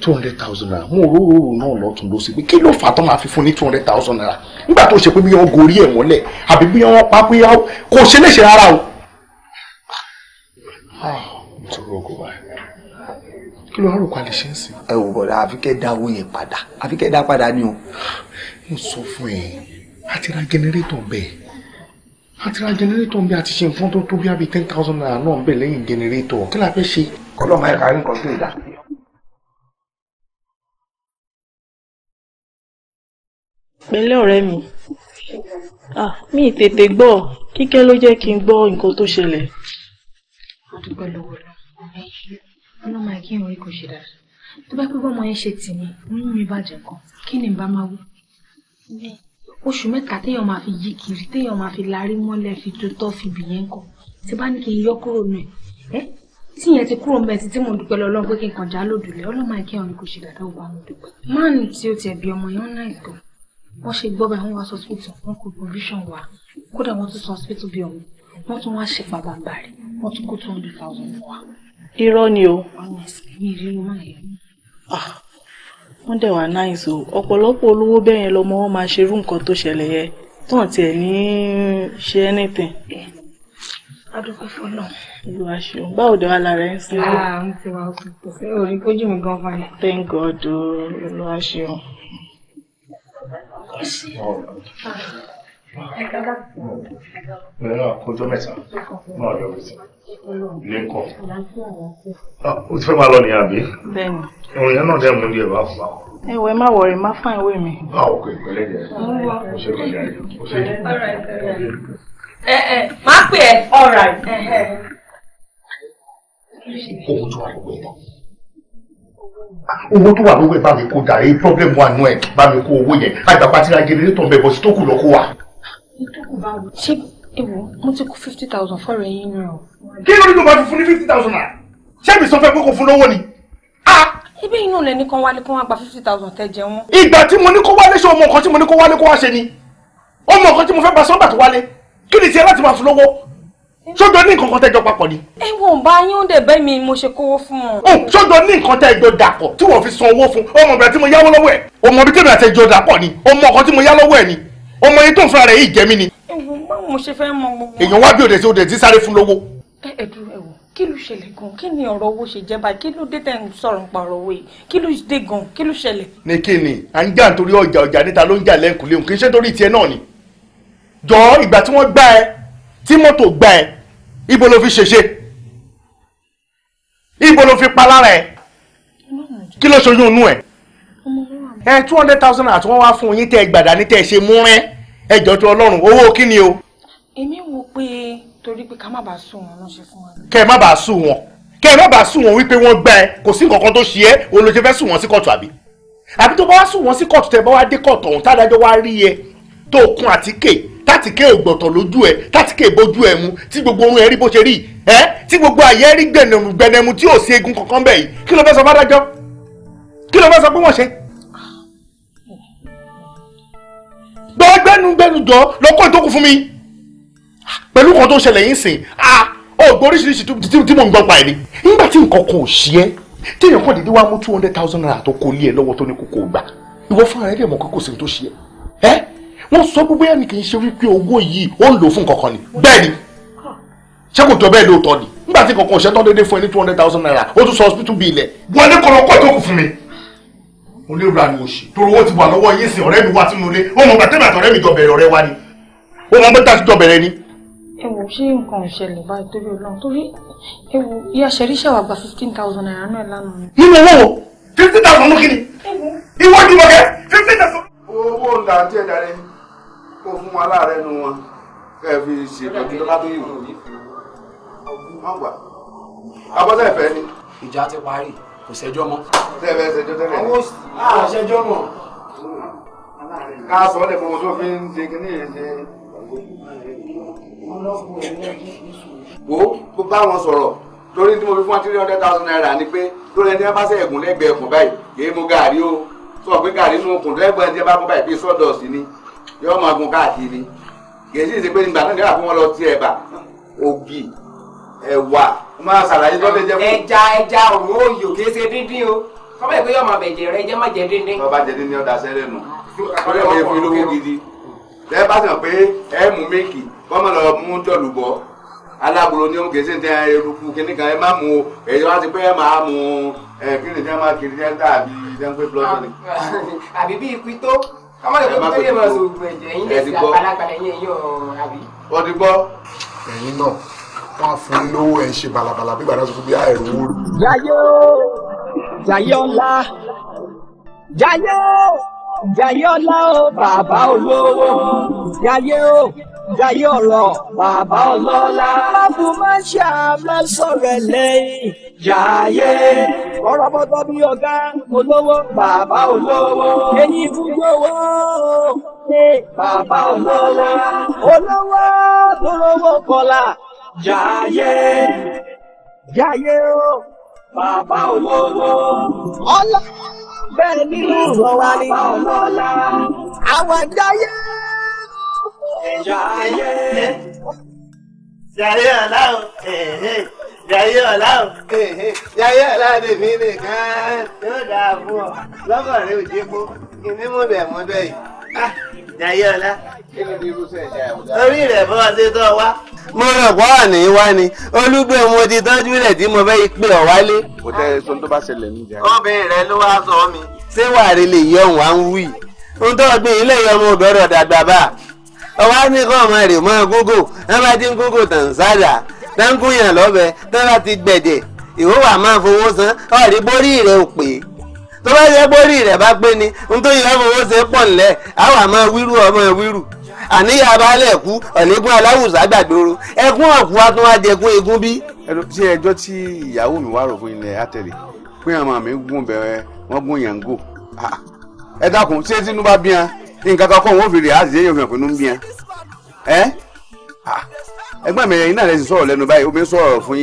Speaker 2: two hundred thousand naira mo rò rò náà lọ́tún ló sì pé kí ló fà tó máa fi fún ní two hundred thousand naira nígbà tó ṣe pé bí wọ́n gorí ẹ̀ mọ́lẹ̀ àbí bí wọ́n pa pé kò ṣe léṣe rárá o nítorí ah, ogun báyìí kí ló rò palẹ̀ ṣe ń sìn. ẹ wò bọ̀dà àfikẹ́ dá owó yẹn padà àfikẹ́ dá padà ni o. mo sọ fún ẹ a ti ra jẹnẹrétọ̀ bẹ́ẹ̀ a ti ra jẹnẹrétọ̀ bẹ́ẹ̀ a ṣe nǹkan tó tó bí ten thousand naira náà bẹ́ẹ̀ lẹ́yìn jẹnẹrétọ̀ kí la fẹ́ ṣe. ọlọ́mọ ẹ̀ka ń kọ́ tó ìdá. pẹ̀lẹ́ ọ̀rẹ́ mi ah, mi tètè gbọ́ kíkẹ́
Speaker 1: ló jẹ́ kí n gbọ́ nǹkan tó ṣẹlẹ̀ àdúgbò lọ́wọ́ náà ọlọ́mọ ẹ̀ kí n rí kò ṣe dáadáa tó bá pẹ́ bọ́mọ yẹn ṣe tì mí oyún mi bàjẹ́ kan kí ni n bá máa wú. oṣù mẹ́ta téèyàn máa fi yí kiri téèyàn máa fi larí mọ́lẹ̀ fi tó tọ́ fi bì yẹn kọ́ tí bá ní kí n yọ kúrò nù ẹ̀ tí yẹn ti kúrò mbẹ títí mo dúpẹ́ lọ́lọ́run pé kí n kàn já lòdùlẹ̀ ọlọ́mọ ẹ̀ kí n rí kò ṣe dáadáa wà mo dúpẹ́. máàní tí ó tiẹ̀ bí ọmọ yẹn náà ìtọ́ wọ́n ṣe gbọ́ bẹ́ẹ̀ wọ́n wá sọ́sìpìtì wọn kò provision wà kódà wọ́n tún sọ́sìpìtì bí ọmọ wọ́n tún wá ṣe fàgbàgbà rẹ̀ wọ́n tún kó two hundred thousand fún wa.
Speaker 2: irọ́ ni o. mi rí inú máa yẹ. wọ́n dẹ̀ wá nice o ọ̀pọ̀lọpọ̀ olówó bẹ́ẹ̀ yẹn lọmọ wọn máa ṣe irú nǹkan tó ṣẹlẹ̀ yẹn tán tiẹ̀ ní ṣe anything.
Speaker 5: adúgbò fọlọ.
Speaker 1: olúwa ṣeun báwo dẹ̀ wá lára ẹ̀ ń sinmi. àà ń ti wá kò sí orí kójú mi gan fani. thank God o olúwa ṣeun.
Speaker 2: Bẹ́ẹ̀ náà kọjọ́ mẹ́ta náà yọ mí sí. Ilé ńkọ́. O ti fẹ́ máa lọ nìyà bí? Bẹ́ẹ̀ni. Ìròyìn yẹn náà dẹ̀ mú ní ẹ̀rọ àfọwọ́. Ẹ wẹ̀ má wọ̀rì má fún ìwé mi. Bá ah, o kò
Speaker 3: ìpẹ́lẹ́ jẹ. O ṣe kò jẹ. O ṣe kò jẹ.
Speaker 1: Ẹ ẹ máa pè ẹ́ ọ̀rà.
Speaker 2: Owó tó wà lọ́wọ́ ẹ̀ náà owó tó wà lówó ẹ bá mi kó dàrí problem wà nù ẹ bá mi kó owó yẹn àgbàpá tí ra jẹnẹrétọ̀ ń bẹ̀ bọ̀ sí tó kù lọ́kọ́ wa
Speaker 1: ìtòkù bá mo ti kó fifty thousand fọ́ọ̀rọ̀ ẹ̀yìn náà. kí ló ní kó bá fi fún ní fifty thousand naira ṣé mi sọ fẹ́ pé kò fún lówó ni. ibi inú lẹni kan wálé kó wá gba fifty thousand tẹ jẹ wọn. ìgbà
Speaker 2: tí mo ní kó wálé ṣe ọmọ nǹkan tí mo ní kó wálé kó wá ṣe ni ọmọ nǹkan tí mo fẹ́ gba sọ́ńgbà tó wálé kí ni tiẹ̀ láti máa fún lówó sọ́jọ́ ní nǹkan kan tẹ́jọ papọ̀ ni. ẹ wò ń bá yín ó dẹ̀ bẹ́ẹ̀ mi mo ṣe kówó fún wọn. ó oh, sọ́jọ́ ní nǹkan tẹ́jọ dàpọ̀ tí wọ́n fi san owó fún ọmọbìnrin tí mo yáwó lọ́wọ́ ẹ̀ ọmọbìnrin tí mo yáwó lọ́wọ́ ẹ̀ ni ọmọ ọkọ tí mo yá lọ́wọ́ ẹ̀ ni ọmọ yìí tó ń fúnra rẹ̀ yìí jẹ́ mí ni. ẹ̀wọ̀n báwo mo ṣe fẹ́ mọ gbogbo. èèyàn wá bí òde sí òde sí sáré fún lówó.
Speaker 1: ẹ ẹ dúró ẹwọ kí ló ṣẹlẹ̀ gan kí ni ọ̀rọ̀ owó ṣe jẹ́ báyìí kí ló dé tẹ̀ ń sọ̀rọ̀ nípa ọ̀rọ̀ owó yìí kí ló dé gan kí ló ṣẹlẹ̀.
Speaker 2: ní kí ni à ń jà nítorí ọjà ọjà níta ló ń jà lẹ́kùn léhùn kì í ṣe torí tiẹ̀ náà ni. jọ ìgbà tí wọ́n gbá ẹ tí mọ́tò gbá ẹ ibo ló fi ṣèṣe ibo ló fi pa lára ẹ kí ló ṣojú inú ẹ ẹ two hundred thousand àti wọ́n wá fún yín tẹ́ ẹ gbàdá ní tẹ́ ẹ ṣe mú rẹ́ ẹ jọjọ ọlọ́run owó kí ni o.
Speaker 1: èmi wò pé torí pé ká má bàa sùn wọn ló ṣe fún wa.
Speaker 2: kẹ́ ẹ má bàa sùn wọn kẹ́ ẹ má bàa sùn wọn wípé wọ́n gbá ẹ kò sí nǹkan kan tó ṣe é olóṣè fẹ́ sùn wọn sí kóòtù àbí àbí tó bá wá sùn wọn sí kóòtù tẹ́ bá wá dé kóòtù ọ̀hún tádájọ́ wá rí ẹ tó kun àtíkè tátìkè ògbọ̀tọ̀ lójú ẹ tátìkè bójú ẹ mu tí gbogbo orun ẹ rí bó ṣe rí ẹ tí gbogbo àyè rí gbẹnẹmú gbẹnẹmú tí ò sí egun kankan bẹ́ẹ̀ yìí kí ló fẹ́ sọ fádájọ́ kí ló fẹ́ sọ pé wọ́n ṣe gbọ́ gbẹ́nugbẹ́nu jọ lọ́kọ́ ìtókù fún mi pẹ̀lú kan tó ṣẹlẹ̀ yín sìn ah ọ̀gbọ́n oríṣiríṣi tí mò ń gbọ́ pa ẹ̀ ni nígbà tí nǹkan kan ò ṣí ẹ́ tí èèyàn kan dédé wá mú two hundred thousand naira tó kó lé ẹ lọ́wọ́ tó ní kókó gbà ìwọ fún ara ẹ̀ dẹ̀ mọ̀ kókó sí ní tó ṣí ẹ ẹ́ wọ́n sọ gbogbo yẹn ni kì í ṣe wípé owó yìí ó ń lò fún kankan ni bẹ́ẹ̀ ni ṣé kò jọ bẹ́ẹ̀ lóòótọ́ ni nígbà tí kankan ò ṣẹ́tọ́ dédé fún ẹ ní two hundred thousand naira ó tún sọ hospital bill ẹ̀ wọlé kọ̀ọ̀kọ̀ ìtókù fún mi onírúurú ni òṣì torí owó ti wà lọ́wọ́ yín sí ọ̀rẹ́ mi wá sínú ilé ó mọ̀ gbà tẹ́lẹ̀ àtọ̀rẹ́ mi jọ bẹ̀rẹ̀ ọ̀rẹ́ wa ni ó mọ̀ bẹ́tà sí jọ bẹ̀rẹ̀ ni.
Speaker 1: ẹ wo ṣé nǹkan ò ṣẹlẹ̀ báyìí torí Ọlọ́run torí ẹ wo ìyá ṣẹ̀rí ṣẹ̀wà gba fifteen thousand naira náà lánàá ni.
Speaker 2: nínú owó fifteen
Speaker 1: thousand kí ni
Speaker 5: ìwọ ni mọ̀kẹ́
Speaker 2: fifteen thousand. owó ń da àti ẹ̀dá rẹ kó fún wa láàárẹ̀ nu wọn kẹ́ ẹ fi ṣètọ́jú lọ́dún yìí. àbọ̀sẹ̀ ìfẹ́ ni. ìjà kò ṣẹjọ́ mọ́. tẹ́lẹ̀ ṣẹjọ́ tẹ́lẹ̀ ní. àwọn ah, ṣẹjọ́ mọ́.
Speaker 4: ká sọ lè mọ tó fi ń ṣe kíní yẹn ṣe. wo kó bá wọn sọ̀rọ̀ torí tí mo fi fún wa three hundred thousand naira ni
Speaker 2: pé lórí ẹni tí wọ́n bá ṣẹ̀gùn lẹ́gbẹ̀ẹ́ ẹ̀kùn báyìí kì í mu gàrí o sọ pé gàrí inú okùn lẹ́gbẹ̀ẹ́ ẹni tí wọ́n bá mú báyìí bí sọ́dọ̀sì ni yọ́ọ́ máa gun káàkiri kì í sì ṣe pé nígbà náà nígbà tí wọ́n lọ sí ẹ̀bà ògì ẹ̀wà mo máa ṣàlàyé tó tẹ́jẹ́ fún. ẹja ẹja òun ó yò kí ṣe díndín o kọ́mọ̀ ẹ̀ pé yọ̀ọ́ máa bẹ̀jẹ̀ rẹ jẹ́ má jẹ́ díndín. bàbá jẹ díndín ọ̀dà sẹ́rẹ̀ nù ọ̀rẹ́ mi fún lówó gidi bẹ́ẹ̀ bá sàn pé ẹ mú méèkì kọ́mọ̀ lọ mú
Speaker 4: jọ̀lù bọ̀ alábòrò ní òun kèsì tẹ eruku kìnnì kan ẹ má mú o èyí wá ti pé ẹ máa mú ẹ kí ni tẹ máa kiri tẹ tàbí tẹ ń pé blọọdù àbí bí ikú tó
Speaker 2: kọ́mọ̀ lè tó lè máa sọ ògùn ẹ̀jẹ̀ yín lè ẹ̀yìn ọ̀rọ̀ àbí. ọdún gbọ́. ẹ̀yin náà ká fún yín lówó ẹ̀ ń ṣe bàlàbàlà bí gbàdá sọ bí ẹ̀rù wò.
Speaker 1: jayé jayé ọlá jayé jayé ọlá o bàbá olówó jayé o jayé ọ̀rọ̀ bàbá ọlọ́lá. Bábù máa ń ṣe àmọ́ sọ̀rọ̀ lẹ́yìn. Jayé. Ọ̀rọ̀ bọ́tọ̀ bí ọ̀gá olówó. Bàbá olówó. Ẹyin gbogbo owó. Bàbá olówó. Olówó tó lówó ye, Jayé. Jayé o. Bàbá olówó. Ọlá. Bẹ́ẹ̀ ni ìwọ wa eh, eh. eh, ni. Bàbá olólá. Àwọn jayé. Jayé.
Speaker 4: Jayé ọ̀la o. Jayé ọ̀la o. Jayé ọ̀la ni mi nìkan. Yóò dáa fún ọ. Lọ́kàn rẹ̀ ò jẹ́ kó. Kìnìún mú bẹ̀ mú bẹ́ẹ̀ yìí. Ah, ye ọ̀la orí rẹ̀ bọ́ ṣe tọ́ wá. mo rẹ̀ wá ọ̀nà yín wá ni olúgbé mo ti tọ́jú rẹ̀ tí mo fẹ́ yí pé ọ̀ wálé. kò tẹ ẹsọ tó bá ṣẹlẹ̀ níjà. obìnrin rẹ ló wá sọ mi. ṣé wàrí lè yọ òun à ń wí. ohun tó gbé ilé yọ ọmọ obìnrin ọ̀dà bàbá. ọwọ́ ní kọ́ ọmọ rẹ̀ mọ́ gógó wọ́n bá ti ń gógó tàn sáàdà dáńgúnyàn lọ́bẹ̀ tán bá ti gbẹ̀dẹ̀ ìhòòhà máa fowó san ọ̀rí borí rẹ̀ ò pè tó bá yẹ borí rẹ̀ bá gbé ni ohun tó yẹ ṣe pọ̀ ńlẹ̀ àwọn àmọ́ wíru ọmọ wíru àníyàn abálẹ̀ kú ọ̀lẹ́gùn aláwùsá gbàgbóró ẹkún ọ̀kú wa tún bí. ẹnu tí ẹjọ́ tí ìyàwó mi wá rò fún ilẹ̀ àtẹ̀lé
Speaker 2: pé àwọn mi gún bẹ̀rẹ̀ wọ́n gún ń gò. Ah, ẹ dákun ṣé tinubu bá bí nǹkan kan kọ́ wọn ò fi rè á sì yẹ yọ̀fẹ̀ pinnu ń bí ah, ẹgbẹ́ mi fún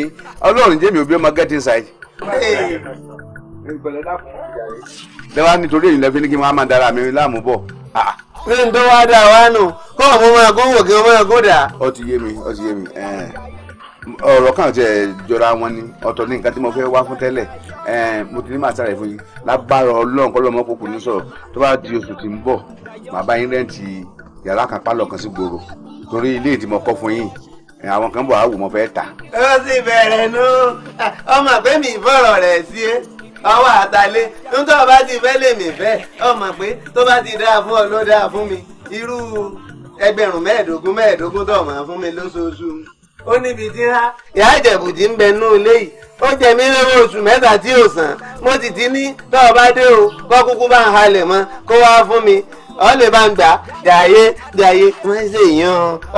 Speaker 4: yín ọlọ́run pé n tó wá dà wá nù kó àwọn ọmọ ẹ̀kọ́ wò kí ọmọ ẹ̀kọ́ dà. ó ti yé mi ó ti yé mi ọ̀rọ̀ kan tiẹ̀ jọra wọn ni ọ̀tọ̀ ní nǹkan tí mo fẹ́ wá fún tẹ́lẹ̀ mo ti ní màá sára ìfún yín lábára ọlọ́run kọ́ lọ́mọ kókò ní sọ̀rọ̀ tó bá di oṣù tí ń bọ̀
Speaker 2: màá bá yín rẹ́ǹtì yàrá kan pálọ̀ kan sí gbòòrò torí ilé tí mo kọ́ fún yín àwọn kan bọ̀ àwò mo fẹ́ tà.
Speaker 4: ó sì bẹ̀rẹ̀ nú ọmọ àgbẹ̀mí ìfọ̀rọ̀ rẹ̀ sí é. ọwọ́ àtàlẹ́ nítorí ọba ti fẹ́ lè mí fẹ́ ọmọ pé tó bá ti dáa fún ọ ló dáa fún mi irú ẹgbẹ̀rún mẹ́ẹ̀ẹ́dógún mẹ́ẹ̀ẹ́dógún tó fún mi lóṣooṣù ó níbi tí rá ìyá ìjẹ̀bùdí ń bẹ nú ilé yìí ó jẹ mí mo ti ti ní tó o bá dé o kọ́ kúkú bá ń halẹ̀ mọ́ kó wá ọ lè bá ń gbà jàyé jàyé wọ́n ṣe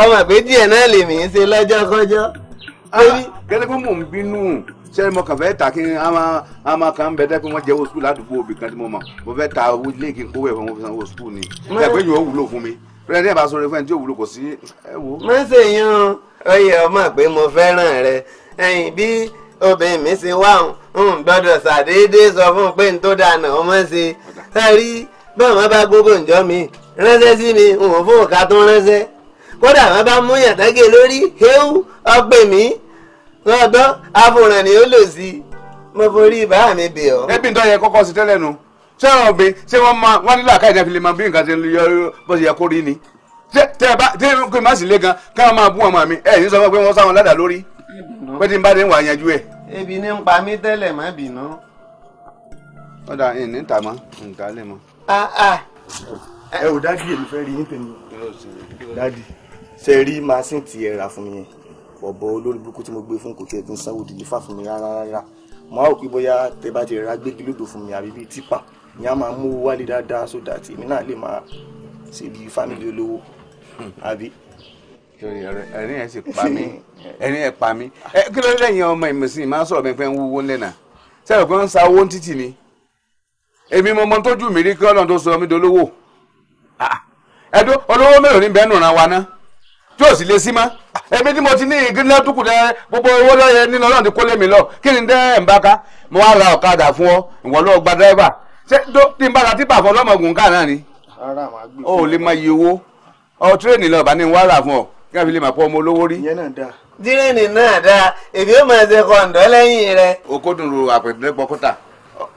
Speaker 4: ọmọ pé díẹ̀ náà ṣé mo kàn fẹ́ ta kí ama ama kan bẹ dẹ́ pé jẹ́ owó sukùl ládùúgbò òbí kan tí mo mọ̀ mo fẹ́ ta owó ilé kí n kówó ẹ̀ fún wọn owó sukùl ni ẹgbẹ́ yìí wúlò fún mi rẹ ní ìbáṣọ rẹ fún ẹni tí ò wúlò kò sí ẹ wo. má ṣe yan oyè ọmọ pé mo fẹ́ràn rẹ ẹ̀yìn bí obìnrin mi ṣe wá ń gbọ́dọ̀ ṣàdédé sọ fún un pé n tó dànù ọmọ ṣe sẹ́rí bẹ́ẹ̀ wọ́n bá gbogbo ǹjọ́ mi ránṣẹ́ sí mi n fún òkà tó ránṣẹ́ kódà wọ́n bá mú yàtọ̀gẹ̀ lórí héwú ọgbẹ́ mi lọ́dọ́ àfòràn ni ó lò sí mo forí bá mi bè ọ́. ẹbí tó yẹ kọ́kọ́ sí tẹ́lẹ̀ nu ṣé wọn bẹ ṣé wọn máa wọn nílò àkáyìí náà fi lè máa bí nǹkan ṣe ń yọ bó ṣe yẹ kó rí ni tẹ bá tẹ kò má sì lé gan kí wọn máa bú wọn mọ mi ẹ ní sọ fún pé wọn sáwọn ládàá lórí pé tí n bá dé ń wà yanjú ẹ. ebi ní ń pa mí tẹ́lẹ̀ má bínú. ọ̀dà ẹ̀ ní ta mọ́ lè mọ́. ẹ ò dádì èmi fẹ́ rí yín tèmi dádì ṣe rí màsíǹtì ẹ rà fún mi yẹn bọ̀bọ̀ olórí burúkú tí mo gbé fún kò tiẹ̀ tó ń sanwó dìlífà fún mi rárá rárá mo á ò pé bóyá
Speaker 2: tẹ bá ti rà gbégi lódò fún mi àbí bíi tipa ni a máa mú wálé dáadáa sódà tí èmi náà lè máa
Speaker 4: ṣe bíi fámìlì olówó àbí. ẹ̀rín ẹ̀ sì pa mí ẹ̀rín ẹ̀ pa mí kí ló lẹ́yìn ọmọ ìmọ̀sìn máa ń sọ̀rọ̀ bẹ́ẹ̀ pé ń wúwo lẹ́nà sẹ́yìn
Speaker 2: pé ń sa owó ń títì ni èmi mo mọ tójú mi rí kí ọlọ́run tó sọ mí dolówó ah, ẹ̀dọ́ olówó mélòó ní bẹ́ẹ̀ nù ra wa náà tí ò sì lè sí mọ́ ẹbí tí mo ti ní ìgbìnlẹ̀ tó kù dẹ́ gbogbo owó lọ́yẹ nínú ọlọ́run ti kó lé mi lọ kí ni dẹ́ ẹ̀ ń bá ká mo wá ra ọ̀kadà fún ọ ìwọ ló gba dẹ́rẹ́bà ṣé tí n bá ra tipa fún ọlọ́mọgùn ká náà ni
Speaker 4: o ò lè mọ iye owó ọ tírèènì lọ́ọ̀bá ni n wá rà fún ọ kí n fi lè máa pọ́ ọmọ olówó rí. tírèènì náà dáa èmi ò máa ṣe kọ̀ǹdọ́ lẹ́yìn rẹ. okòdùnrún àpẹ̀tẹ̀lẹ́gbọ́kọ́ta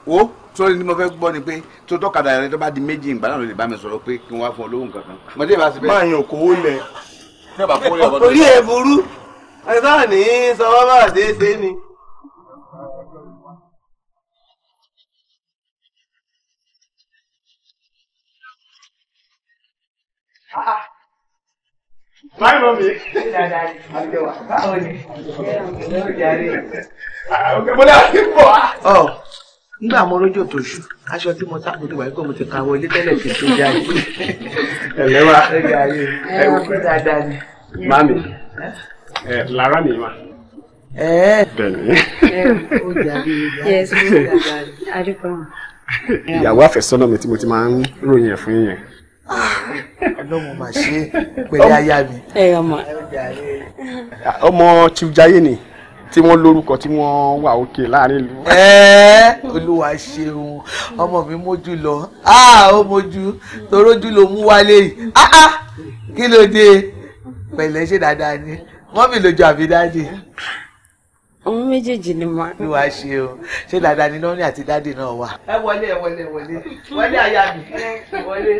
Speaker 4: wo sórí ni mo fẹ́ gbọ́ ni pé tó tọ́kadà rẹ tó bá di méjì ìgbà náà ló lè bá mi sọ̀rọ̀
Speaker 2: pé kí n wá fún olówó nǹkan kan. mọ̀dé ìbá ti bẹ́ẹ̀. máa yan òkòwò lẹ̀
Speaker 4: orí ẹ burú ẹ sáà ní sọwọ́ bá ṣe é ṣe ni.
Speaker 5: Báyìí mọ̀ mi. Báwo ni? Bọ́lá
Speaker 2: ti bọ̀ wá. Ọ̀ nígbà mo rójò tó ṣú aṣọ tí mo sábò tó wà pé mo ti kàwé ilé tẹ́lẹ̀ kí n tó jáde.
Speaker 5: Ẹ̀lẹ́wà. Ẹ̀wọ̀n kí dáadáa ni. Mami,
Speaker 2: ẹ eh, Lara ni ma.
Speaker 4: Eh. Bẹ́ẹ̀ni.
Speaker 5: Eh, Ìyàwó
Speaker 4: àfẹ́sọ́nà mi tí mo ti máa ń ròyìn ẹ̀ fún yín yẹn. Ọlọ́run mà ṣe pẹ̀lú aya mi.
Speaker 2: Ọmọ Chiujaye ni tí wọ́n lórúkọ tí wọ́n wà òkè láàrin ìlú.
Speaker 4: Olúwa ṣeun ọmọ mi mójú lọ ah, ó mójú torójú ló mú wálé yìí ah, ah. kí ló dé pẹ̀lẹ́ ṣe dáadáa ni mọ́mì lójú àbí dáàdì. àwọn méjèèjì ni mà. ní wàá ṣe o ṣé dáadáa ni lọ́rùn àti dáàdì náà wà. ẹ wọlé ẹ wọlé wọlé wọlé àyà mi wọlé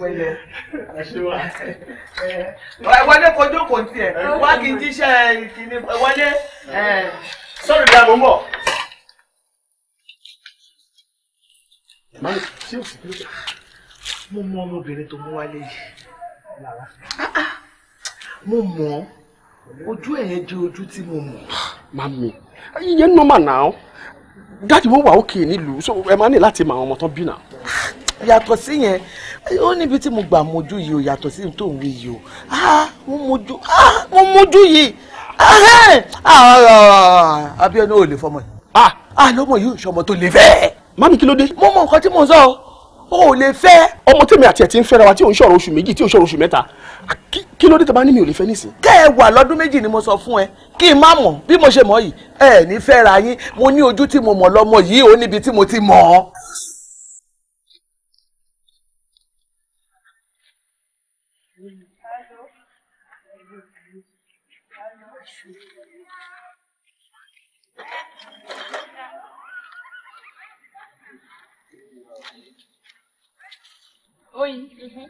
Speaker 4: wọlé àṣewà ẹ wọlé kojú kò tiẹ̀ wá kí n
Speaker 2: jíṣẹ́ ìkíní wọlé. sọ́ọ̀rì bí a mọ̀ ń bọ̀. mo mọ ọmọbìnrin tó mú wálé yìí mo mọ̀ ojú ẹ̀ jẹ́ ojú tí mo mọ̀. mami ìyẹn normal now dáàdi wọn wà òkè nílùú so ẹ máa ní láti mọ àwọn ọmọ tán bí náà. yàtọ̀ sí yẹn ó níbi tí mo gbà mojú yìí o yàtọ̀ sí tó ń wí yìí o ah, mo mojú ah, mo mojú yìí ah, eh, Abíọ́nà ò lè fọmọ yìí. àlọ́ mọ̀ yìí ò sọmọ tó lè fẹ́. mami kí ló dé. mo mọ nǹkan tí mo ń sọ o ò lè fẹ́. ọmọ tèmi àti ẹ̀ ti ń fẹ́ra wa tí ò ń ṣọ̀rọ̀ oṣù méjì tí ò ń ṣọ̀rọ̀ oṣù mẹ́ta kí ló dé tó bá ní mi ò lè fẹ́ nísìn. kẹ́ ẹ wà lọ́dún méjì ni mo sọ fún ẹ kí n má mọ̀ bí mo ṣe mọ̀ yìí ẹ ní fẹ́ra yín mo ní ojú tí mo mọ̀ lọ́mọ yìí ó níbi tí mo ti mọ̀ ọ́.
Speaker 1: oyin mm-hmm.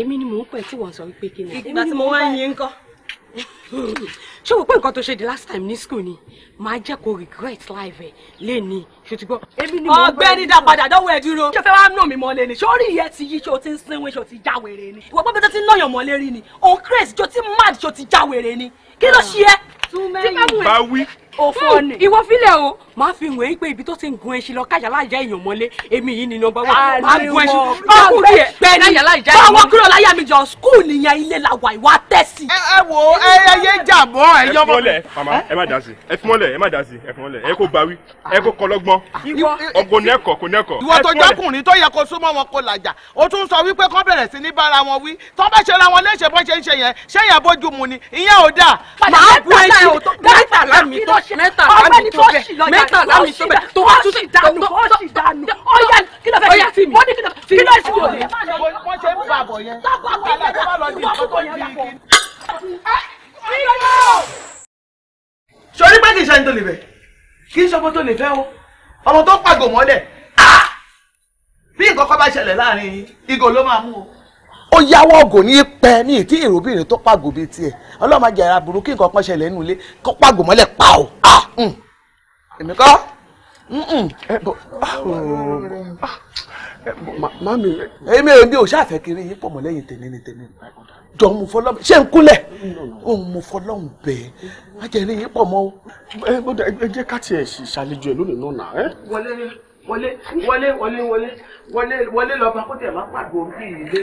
Speaker 1: èmi ni mò ń pẹ tí wọn sọ wípé kí ni ìgbà tí mo wá ń
Speaker 2: yín kọ ṣé o pé nǹkan tó ṣe the last time ní school ni máa jẹ́ kó regret life ẹ̀ lẹ́ni ṣùtúgbọ́. èmi ni mo ń bá ọgbẹ́ni dá padà dánwò ẹ̀ dúró. ṣé o fẹ́ wá nà mí mọ́lẹ̀ ni ṣé orí ìyẹn ti yí ṣé o ti ń sínwé ṣé o ti já wèrè ni. ìwọ gbọ́dọ̀ ti ń lọ́yàn mọ́lẹ̀ rí ni òun craze ṣé o ti mad ṣé o ti já wèrè ni. kí ló ṣe é.
Speaker 5: túmẹ̀yìn bá
Speaker 2: wí òfò ni. ìwọ filẹ
Speaker 1: o máa fi hàn pé ibi tó ti ń gun ẹṣin lọ kájà láìjẹ èèyàn mọ́lé èmi yìí ni nọ́mbà wọn máa gun ẹṣin báwo ẹ bẹ́ẹ̀ ni báwo kúrò láyà mi jọ skul nìyẹn ilé la wà ìwà tẹsí.
Speaker 2: ẹ wo ẹ yé jàbọ ẹ yọ bọ. ẹ má dá sí ẹ fi ẹ má dá sí ẹ fi ẹ kò báwí ẹ kò kọlọ́gbọ́n ọgbọ́n nẹkọ kò nẹkọ. ìwọ tó jọkùnrin tó yẹ kó súnmọ́ wọn kó làjà ó tún sọ wípé kán bẹ̀rẹ̀ sí ní bára wọn wí tó bá ṣe ra wọn léṣe bó ṣe ń ṣe yẹn ṣé yẹn bójú mu ni ìyẹn ò dáa. màá bu ẹṣin dáìtà ṣe ọ̀rẹ́ ni tó ṣì lọ mẹ́ta lámì tó bẹ̀ tó wá tún sí
Speaker 1: dànù ó sì dànù ọ̀yà kí ló fẹ́ sí mi wọ́n ní kí ló sí mi.
Speaker 2: wọ́n ṣe ń bàbọ̀ yẹn wọ́n alájọ́ bá lọ di ìkókó di ìkíni. sori pé kì í ṣe ẹni tó lè fẹ́ kì í ṣe ọmọ tó lè fẹ́ o ọmọ tó pàgọ́ mọ́lẹ̀ bí nǹkan kan bá ṣẹlẹ̀
Speaker 4: láàrin yìí ìgò ló máa mú o ó yáwọ́ ọ̀gọ̀ ní pẹ́ ní ìtí ìròbìnrin tó pàgò bíi
Speaker 2: tiẹ̀ ọlọ́run máa jẹ̀rà burúkú nǹkan kan ṣẹlẹ̀ nínú ilé kó pàgò mọ́lẹ̀ pa ò mm. èmi kọ́ ah, oh. mami èmi èmi ò ṣàfẹ́ kiri yín pọ̀ mọ́ lẹ́yìn tèmi ni tèmi jọ mo fọlọ́ ṣé n kúnlẹ̀ o mo fọlọ́ ń bẹ̀ má jẹ́ rí yín pọ̀ mọ́ o. ẹ jẹ́ ká tiẹ̀ ṣàlejò ẹ̀ lónìí náà. wọlé rẹ wọlé wọlé wọlé wọlé wọlé wọlé lọba kó tẹ̀ máa pàgọ́ bí ilé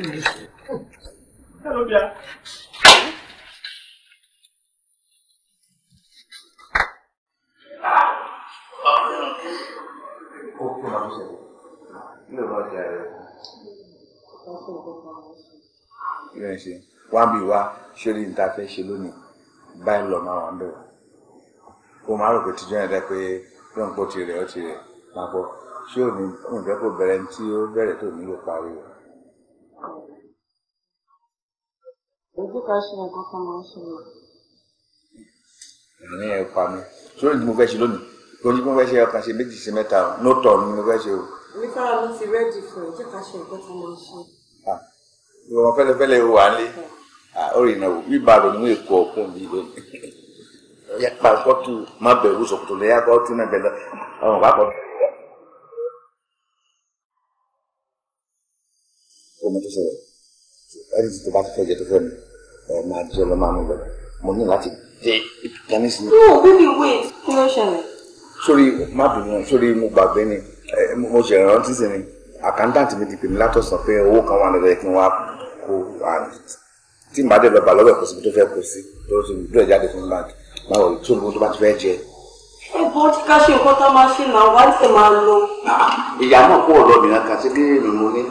Speaker 3: mi. wá bí wá ṣórí níta fẹ́ ṣe lónìí báyìí lọ máa wà ń bẹ̀rẹ̀ kó máa rò pé tíjọ́ yẹn dẹ́ pé
Speaker 2: lóun pò tirẹ̀ ó tirẹ̀ máa bọ̀ ṣé ò ní ǹjẹ́ kò bẹ̀rẹ̀ tí ó bẹ̀rẹ̀ tó nílò
Speaker 1: parí o. ṣe nǹkan kan máa ń ṣe mọ.
Speaker 2: ìrìn ẹ pa mi sórí tí mo fẹ́ ṣe lónìí lórí tí mo fẹ́ ṣe ọkàn ṣe méjì sí mẹ́ta o no turn ni mo fẹ́ ṣe o.
Speaker 1: mi fara mi ti rẹ́dì fún ẹ ká ṣe nǹkan tó máa ń ṣe.
Speaker 2: ìwọ̀n fẹ́lẹ́fẹ́lẹ́ wà á orí ìnáwó bíbá rẹ̀ ni èkó ọkùnrin mi lónìí. yẹ pa má bẹ̀rù sọ̀kòtò lẹ́yà kọ́ náà
Speaker 3: bẹ̀ lọ bá kọ́ omi ṣẹṣẹ rẹ ẹni tó bá fẹ́ jẹ tó fẹ́ mi ẹ máa jẹ lọ máa mú lọ mo ní láti dé ibi kan nísìnyí. no
Speaker 2: baby ni mo ni àkáńtàǹtì mi ti pè mí látọ̀sán pé owó kan wà nílẹ̀ kí n wá kó àrùn tí màá dé lọ bà lọ́wọ́ ẹ̀kọ́ síbi tó fẹ́ kó
Speaker 1: ẹ̀bùn ọtí ká
Speaker 4: ṣe nǹkan tá a máa ṣe náà wá tẹ̀ máa lọ.
Speaker 3: ìyá náà kó ọ̀dọ́ mi náà kà sí bí èmi mo ní.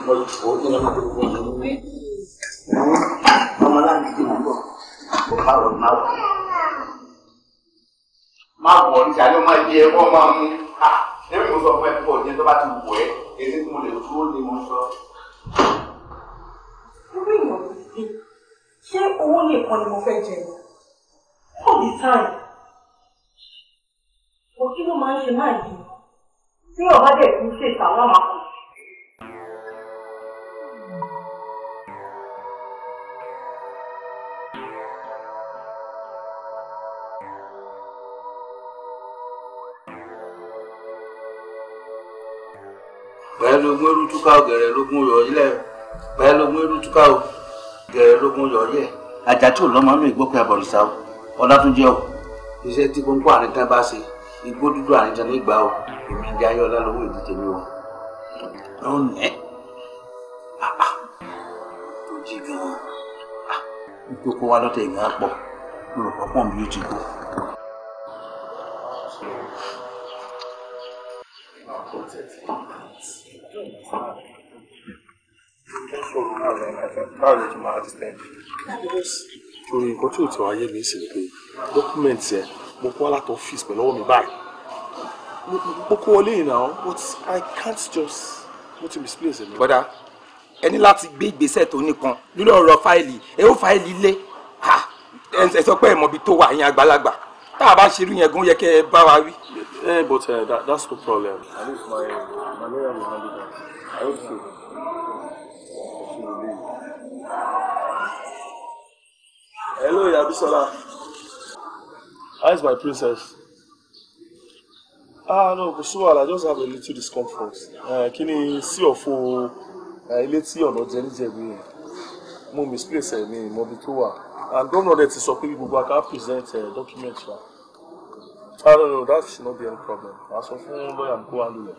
Speaker 3: ọmọ láti dé ìlú ọ̀
Speaker 2: máa wọ̀ máa wọ̀ máa wọ̀ níta ló máa yẹ ẹ̀kọ́ máa mú. ẹ̀mí mo sọ fún ẹ̀ pọ̀ ní ẹ̀ tó bá ti wọ̀ ẹ́ èyí tí mo lè dúró lé mo sọ.
Speaker 1: irú ìyàwó ṣé owó nìkan ni mo fẹ́ jẹ all the time kò kí ló máa ń ṣe máa yìí tí ọba dẹ̀ fi ṣe ìtàwọn àmà kù.
Speaker 2: pẹ̀lógún eru túká o gẹ̀rẹ̀ lógún yọ ilẹ̀ pẹ̀lógún eru túká o gẹ̀rẹ̀ lógún yọ yẹ. ajá tí ò lọ́mọ inú ìgbókùn ẹ̀bọ̀rìṣà ọ̀làtúnjẹ́ o. iṣẹ́ tí pọ́npọ́n àrùn tán bá ṣe igbó dúdú àrìnjàn
Speaker 3: nígbà o èmi ń jayé ọlá lọ́wọ́ èdè tèmi o ló ń nẹ́ tó ah, ah. jí gan-an ah, ìkókó wa lọ́tẹ̀ ìgbà
Speaker 2: pọ̀ lórúkọ pọ̀ bí ó ti kú. báwo lè ti máa ti tẹ̀. torí nǹkan tí ò ti wáyé mi sì ni pé dọ́kúmẹ̀ntì ẹ̀ mo kọ́ láti ọ́fíìsì pẹ̀lú ọwọ́ mi báyìí mo kó wọlé yìí náà but i can't just mo ti misplace ẹ̀ mi. bọ́dà ẹ ní láti gbé ìgbésẹ̀ tó nípọn lórí ọ̀rọ̀ fáìlì ẹ ó fáìlì ilé ẹ sọ pé ẹ mọ̀ ibi tó wà yín àgbàlagbà tá a bá ṣerú yẹn gan yẹ kẹ ẹ bá wa wí. ẹ eh, eh, but uh, that, that's no problem. hello yabisola. How is my princess? Ah, no, Busuwal, I just have a little discomfort. Uh, kí ni sí ọ̀fọ̀ eh, ilé tí ọ̀nà jẹ́ríjẹ̀bi yẹn? Mo misplace ẹ̀ ní ìmọ̀bi tó wà. And gómìnà rẹ̀ ti sọ pé I àká present uh, eh, document wa. Ah, no, no, that should not be any problem. As of now, lọ́ọ̀yà mi kó wá lulẹ̀.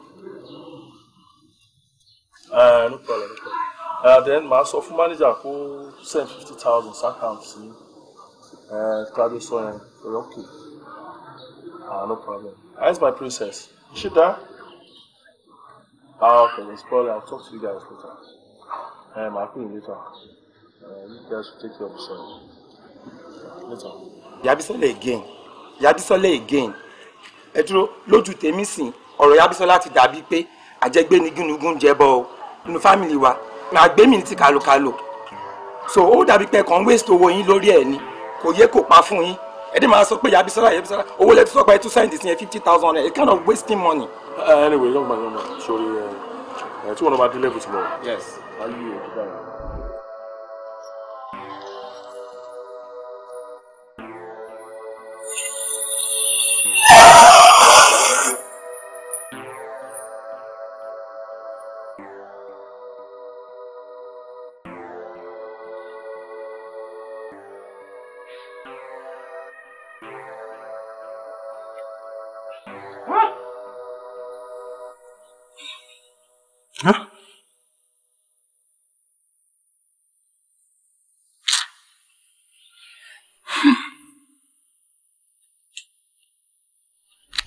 Speaker 2: No problem, no problem. Uh, then my software manager kó send fifty thousand sí account Uh, Claudio Soren, Rocky. Ah, no problem. How's ah, my
Speaker 1: princess? Is she there? Ah, okay, it's probably. I'll talk to you guys later. Um, I'll call later. Uh, you guys should take care of yourself. Later.
Speaker 2: Yabisola again. Yabisola again. Ẹ dúró lójú tèmi sìn ọ̀rọ̀ Yabisola ti dàbí pé àjẹgbé ni gúnugún jẹ bọ́ ọ nínú fámìlì wa. Màá gbé mi ní ti kàlòkàlò. So ó dàbí pé kàn ń wéṣọ owó yín lórí ẹ̀ ni kò yẹ kó pa fún yín ẹni máa sọ pé yàbí sára yàbí sára owó lẹ́tí sọ́pà ẹ̀ tún sáyẹ̀ǹdì yẹn fifty thousand naira it's kind of wasting money. Uh, anyway yọ̀ngbà yọ̀ngbà sori ẹ̀ tí wọ́n náà bá dé level tomorrow. yes. ayé ẹ̀ dídára.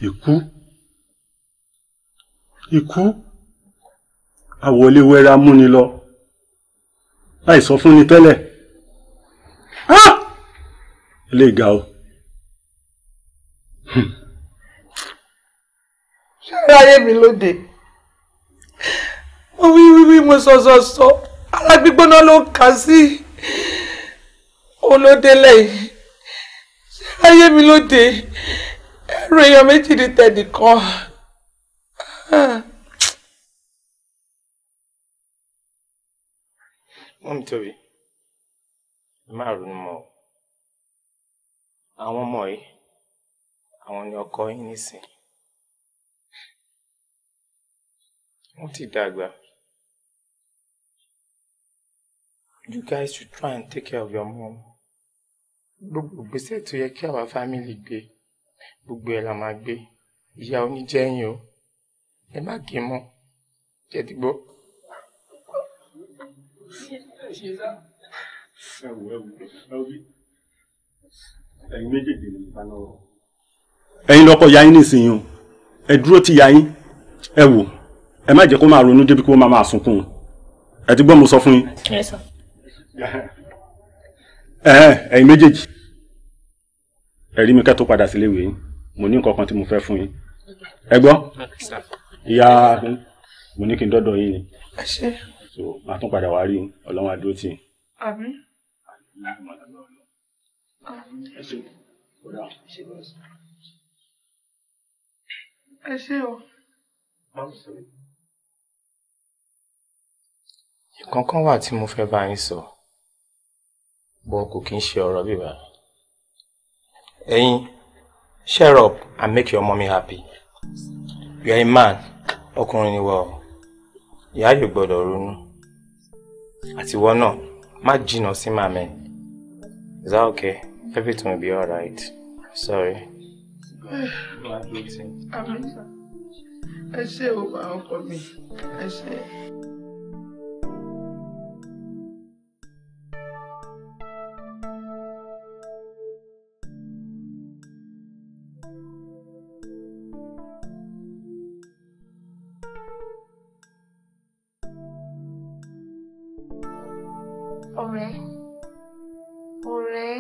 Speaker 2: ikú ikú àwọlé wẹra múni lọ láì sọ fún ni tẹ́lẹ̀ ilé ìga o. Hmm. ṣáà ayé mi lóde mo wí wí wí mo sọ sọ sọ alágbígbóná ló kà sí olódélẹ̀ yìí ṣáà ayé mi lóde ẹrù èèyàn méjì ní tẹnìkan. mọ́mí tóbi máa ronú mọ́ ọ àwọn ọmọ yìí àwọn ni ọkọ yín nísìn wọ́n ti dàgbà you guys should try and take care of your mom gbogbo ìgbésẹ̀ tó yẹ kí àwa family gbé gbogbo ẹ̀ la máa gbé ìyá oníjẹ́yìn o ẹ má gé mọ́ jẹ́ ti gbọ́.
Speaker 1: ẹ̀yin méjèèjì ló ń bá lọ́wọ́.
Speaker 2: ẹ̀yin lọkọ ìyá yín nísìnyí o ẹ dúró ti ìyá yín ẹ wò ẹ má jẹ́ kó máa ronú débi kó máa máa sunkún ẹ ti gbọ́ mo sọ fún yín. ẹ̀yin méjèèjì ẹ̀rí mi kẹ́ tó padà sílé ìwé yín mo ní nǹkan kan tí mo fẹ́ fún yín ẹ gbọ́ ìyá mo ní kí n dọ́dọ̀ yín
Speaker 5: ni
Speaker 2: so
Speaker 3: màá tún padà wá rí yín ọlọ́run àdúró tì yín.
Speaker 5: àmín. ẹ ṣé o.
Speaker 2: nǹkan kan wà tí mo fẹ́ bá yín sọ bọ́ kò kí ń ṣe ọ̀rọ̀ bíbá yìí ẹ̀yin share up and make your mommy happy you are a man ọkùnrin ni wà o ìyá yóò gbọ́dọ̀ ronú àtiwọ́ náà má jìnnà sí màmá ẹ̀ is that okay everything will be all right. sorry. ẹ ṣe o bá ọkọ mi ẹ ṣe.
Speaker 5: Ọ̀rẹ́. Ọ̀rẹ́.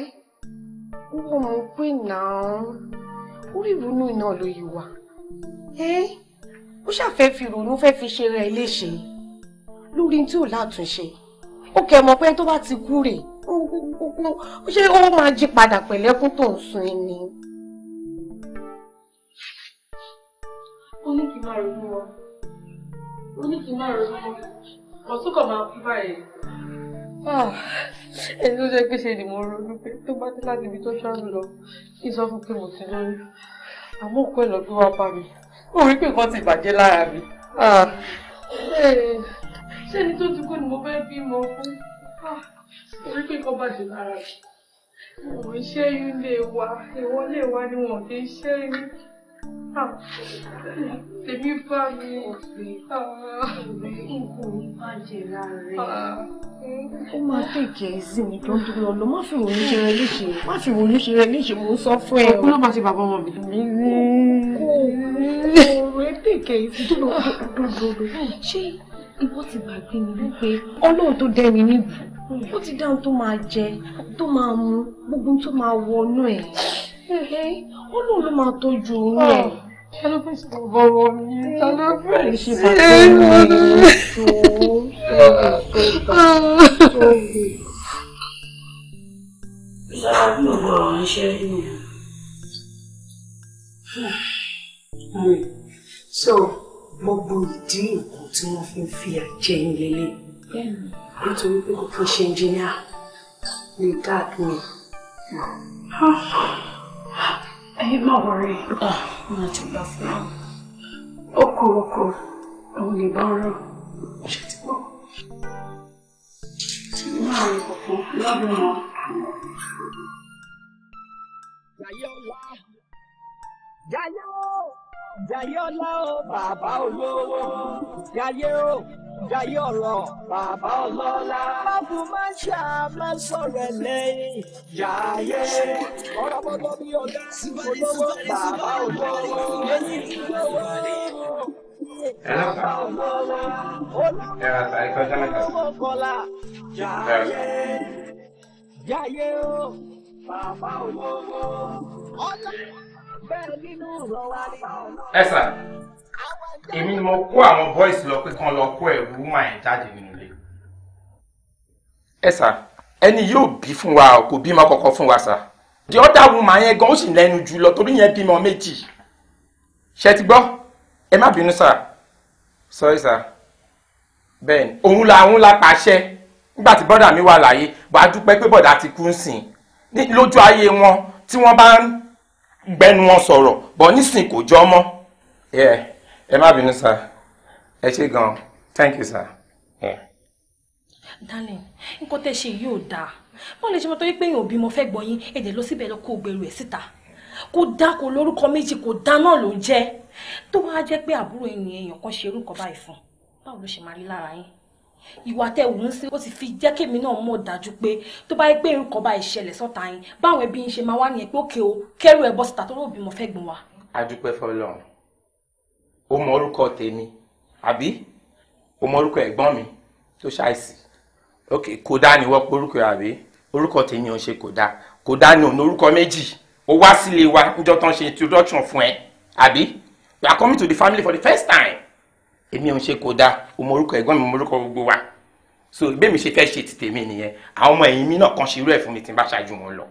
Speaker 1: Mo mọ̀ pé náà. Orí ìrònú iná ló yìí wà. Ó ṣàfẹ́ fi ìrònú fẹ́ fi ṣe rẹ̀ léṣe. Lórí tí ò látúnṣe. Ó kẹ́ mọ̀ pé tó bá ti kú rèé ṣé ó máa jí padà pẹ̀lẹ́kún tó ń sun ẹni. ó ní kí n
Speaker 5: máa ronú wọn ó ní kí n máa ronú wọn ọ̀tún kàn máa kú báyìí.
Speaker 1: Ah, ẹni tó jẹ́ pé ṣe ni mo ronú pé tó bá dé láti
Speaker 5: ibi tó ṣáájú lọ kí n sọ fún pé mo ti lóyún àmọ́ òkú ẹ̀ lọ gbé wá bá mi
Speaker 1: ó rí pé nǹkan ti bàjẹ́ lára mi. Ah. ṣé ẹni tó ti kú ni mo fẹ́ bímọ fún ó ah, rí pé nǹkan bàjẹ́ lára mi. mo ń ṣẹ́yún lè wá ìwọ́lé wa ni wọn ti ṣẹ́yún
Speaker 5: tèmi bá mi
Speaker 1: ó máa tèkẹ́ ìsìn ní tó ń dúró lọ má fi ronú ṣe rẹ léṣe má fi ronú ṣe rẹ léṣe mo sọ fún ẹ o. ọkùnrin máa ṣe bàbá ọmọ mi. mi ní ọ̀rọ̀ ẹ tèkẹ́ ìsìn tó lọ dòdòdò ṣé ìwọ ti gbàgbé mi wípé ọlọ́run tó dẹ́ni níbù ó ti dáhùn tó máa jẹ tó máa mu gbogbo tó máa wọnú ẹ̀ ó lóun ló máa tọ́jú òun ẹ̀. ta ló fẹ́ sọ̀rọ̀ ọ̀rọ̀ mi ta ló fẹ́ so gbogbo ìdí nǹkan tí wọ́n fi ń fi àjẹ ń lélẹ̀ nítorí pé kò kí n ṣe ẹnjìníà lè dáàbò ẹ má wọrí ọmọ ah, ti gbà fún ọ oko oko òun nìbọn rọ ṣe ti gbọ ti ní máa rí kọ̀ọ̀kan lọ́dún mọ́. Jayo! Jayo! Jayọ́lá o Baba Olowo, jayé o jayé ọ̀rọ̀ bàbá ọlọ́lá. Bábù máa ṣá máa sọ̀rọ̀ ẹ̀ lẹ́yìn. Jayé ọ̀rọ̀ bọ́dọ̀ bí ọ̀dà olówó bàbá olówó. Ẹyin olówó bàbá olówó. o bàbá olówó. Ọlọ́wọ́ ẹ sà
Speaker 2: èmi ni mo kó àwọn boys lọ pé kán lọ kó ẹrú wúmà yẹn jáde nínú ilé ẹ sà ẹni yóò bí fún wa kò bímọ kọ́kọ́ fún wa sà the other woman yẹn gan ó sì lẹ́nu jù lọ torí yẹn bímọ méjì ṣe ti gbọ́ ẹ má bínú sà sorry sà bẹ́ẹ̀ ni òun la la pàṣẹ nígbà tí bọ́dà mi wà láyé wàá dúpẹ́ pé bọ́dà ti kú ń sìn lójú ayé wọn tí wọ́n bá ń gbẹnu wọn sọ̀rọ̀ bọ̀ nísìnyí kò jọ mọ́. ẹ má bínú sir ẹ ṣe gan thank you sir. Yeah.
Speaker 1: darling nǹkan tẹ́ ṣe yóò dáa wọ́n lè ṣe mọ́tò wípé èèyàn òbí mo fẹ́ gbọ́ èdè lọ síbẹ̀ lọ kó gbèrú síta kó dá kó lórúkọ méjì kó dá náà ló ń tó
Speaker 2: wáá jẹ́ pé àbúrò ènìyàn kan ṣerú nǹkan báyìí fún báwo ló ṣe máa rí lára yín ìwà tẹ
Speaker 1: wù ú sí ó ti fi jẹ́ kémi náà mọ̀ dájú pé tó bá yẹ pé nǹkan bá ìṣẹ̀lẹ̀ sọ́ta yín báwọn ẹbí ń ṣe máa wá nìyẹn pé òkè o kẹ́rù ẹ̀ bọ́ síta tó ròbí mo fẹ́ gbìn wá.
Speaker 2: a dúpẹ́ fọlọ́run ó mọ orúkọ tèmi àbí ó mọ orúkọ ẹ̀gbọ́n mi tó ṣàìsí ok kódà ni wọ́n pé orúkọ ẹ̀ àbí orúkọ tèmi ò ń ṣe kódà kódà ni òun orúkọ méjì ó wá sílé wa níjọ́ tán ṣe introduction fún ẹ àbí you are coming to the family for the first time èmi ò ń ṣe kó dáa o mọ orúkọ ẹ̀gbọ́n mi mo orúkọ gbogbo wa so bẹ́ẹ̀mi ṣe fẹ́ ṣe ti tèmi nìyẹn àwọn ọmọ ẹ̀yìn mi náà kan ṣe irú ẹ̀ fún mi tí n bá ṣáájú wọn lọ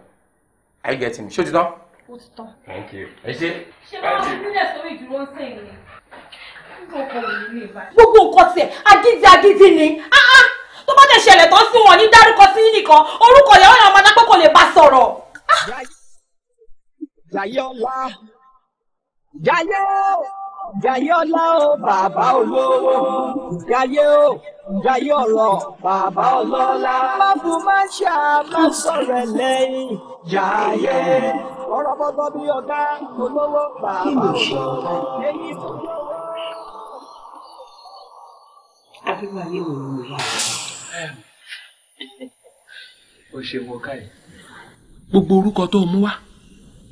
Speaker 2: are you getting me ṣó ti tán.
Speaker 1: ó ti tán.
Speaker 2: thank you ẹ ṣe.
Speaker 1: ṣé báwo ni nílẹ̀ sórí ìdúró ń sìn ni gbogbo nǹkan tiẹ̀ agídí agídí ni ah, ah. tó bá tẹ̀ ṣẹlẹ̀ tán sí wọn ní dárúkọ sí nìkan orúkọ yẹn wọn máa dápẹ́ kò lè bá sọ̀rọ̀. Ah. Jayé ọlá Jayé jayé ọlá o bàbá olówó jayé o jayé ọ̀rọ̀ bàbá ọlọ́lá. má bu má ṣá má sọ̀rọ̀ jayé. ọ̀rọ̀ bọ́bọ́ bí ọ̀gá olówó bàbá olówó èyí tó lówó. abíwá yé o ṣe wọ káyìí. gbogbo orúkọ
Speaker 2: tó o mú wá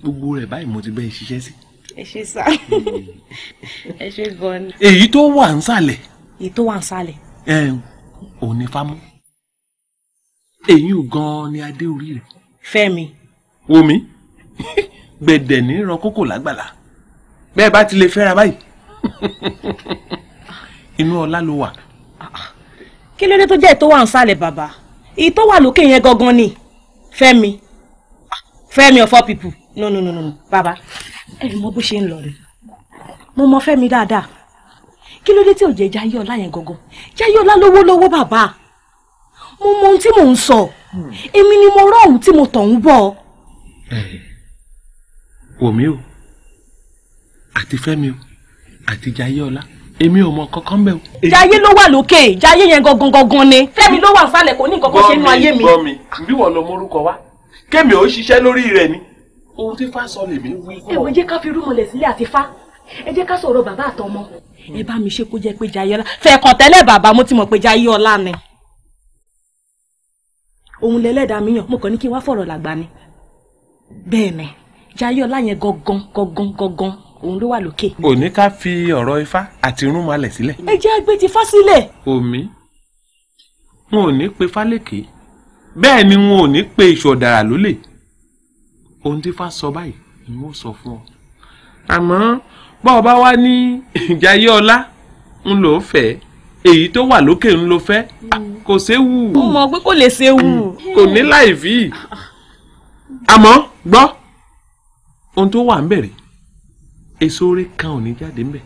Speaker 2: gbogbo rẹ̀ báyìí mo ti bẹ́ẹ̀ ṣiṣẹ́ sí. Si ẹ ṣe sá ẹ ṣe gan ni. èyí tó wà ń sàlẹ̀. èyí tó wà ń sàlẹ̀. ẹ ò ní fámú
Speaker 1: èyí ò gan ni adé orí rẹ. fẹ́mi.
Speaker 2: wo mi gbẹ̀dẹ̀ ní ran kókò lágbàlá bẹ́ẹ̀ bá ti lè fẹ́ra báyìí inú ọlá ló wà. kí ló dé tó jẹ́ ètò wà ń sàlẹ̀ bàbá èyí tó wà lókè yẹn gangan ni fẹ́mi fẹ́mi of all people no no no no bàbá ẹ mọ bó ṣe ń lọ rẹ mo mọ Fẹ́mi dáadáa kí ló dé tí òjò ìjà yọlá yẹn gangan jáyọlá lówó lówó bàbá mo mọ ohun tí mò ń sọ hmm. èmi ni mo rọ ohun tí mo tọ̀ ń bọ̀. wòmí o àti Fẹ́mi o àti jáyọlá èmi ò mọ kankan bẹ́ẹ̀ o. jayé ló
Speaker 1: wà lókè jayé yẹn gangan gangan ni
Speaker 2: Fẹ́mi ló wà nsàlẹ̀ kò ní nǹkan kan ṣe nínú ayé mi. gbọ́ mi gbọ́ mi bí wọ́n lọ mórúkọ wá kémi ò ṣiṣẹ́ lórí rẹ̀ ni ohun tí fa sọ lèmi wí fún ọ. ẹ̀wọ̀n jẹ́ ká fi rúmọlẹ̀ sílẹ̀ àti fa ẹ jẹ́ ká sọ̀rọ̀ bàbá àtọmọ. ẹ bá mi ṣe kó jẹ́ pé jayọ́lá fẹ̀kàn tẹ́lẹ̀ bàbá mo ti mọ̀ pé jayọ́lá ni. òun lẹ́lẹ́dàá mi yàn mo kàn ní kí n wá fọ̀rọ̀ làgbà ni. bẹ́ẹ̀ ni jayọ́lá yẹn gangan gangan gangan òun ló wà lókè. òní ká fi ọ̀rọ̀ ifá àti rúmọlẹ̀ sílẹ̀. ẹ jẹ́ gbé ti fá sílẹ̀. omi wọn ò ní pe fálékè bẹ́ẹ̀ ni wọn ò ní pe ìṣọ̀dàrà lólè ohun tí fa sọ báyìí ni wọ́n sọ fún ọ àmọ́ bá ọba wa ní ìjayé ọlá ń lò ó fẹ́ èyí tó wà lókè ń lo fẹ́ ah, kò séwu. ó mọ pé kò lè séwu. Hmm, kò ní láì fi àmọ́ gbọ́ ohun tó wà ń bẹ̀rẹ̀ èso orí kan ò ní jáde ń bẹ̀.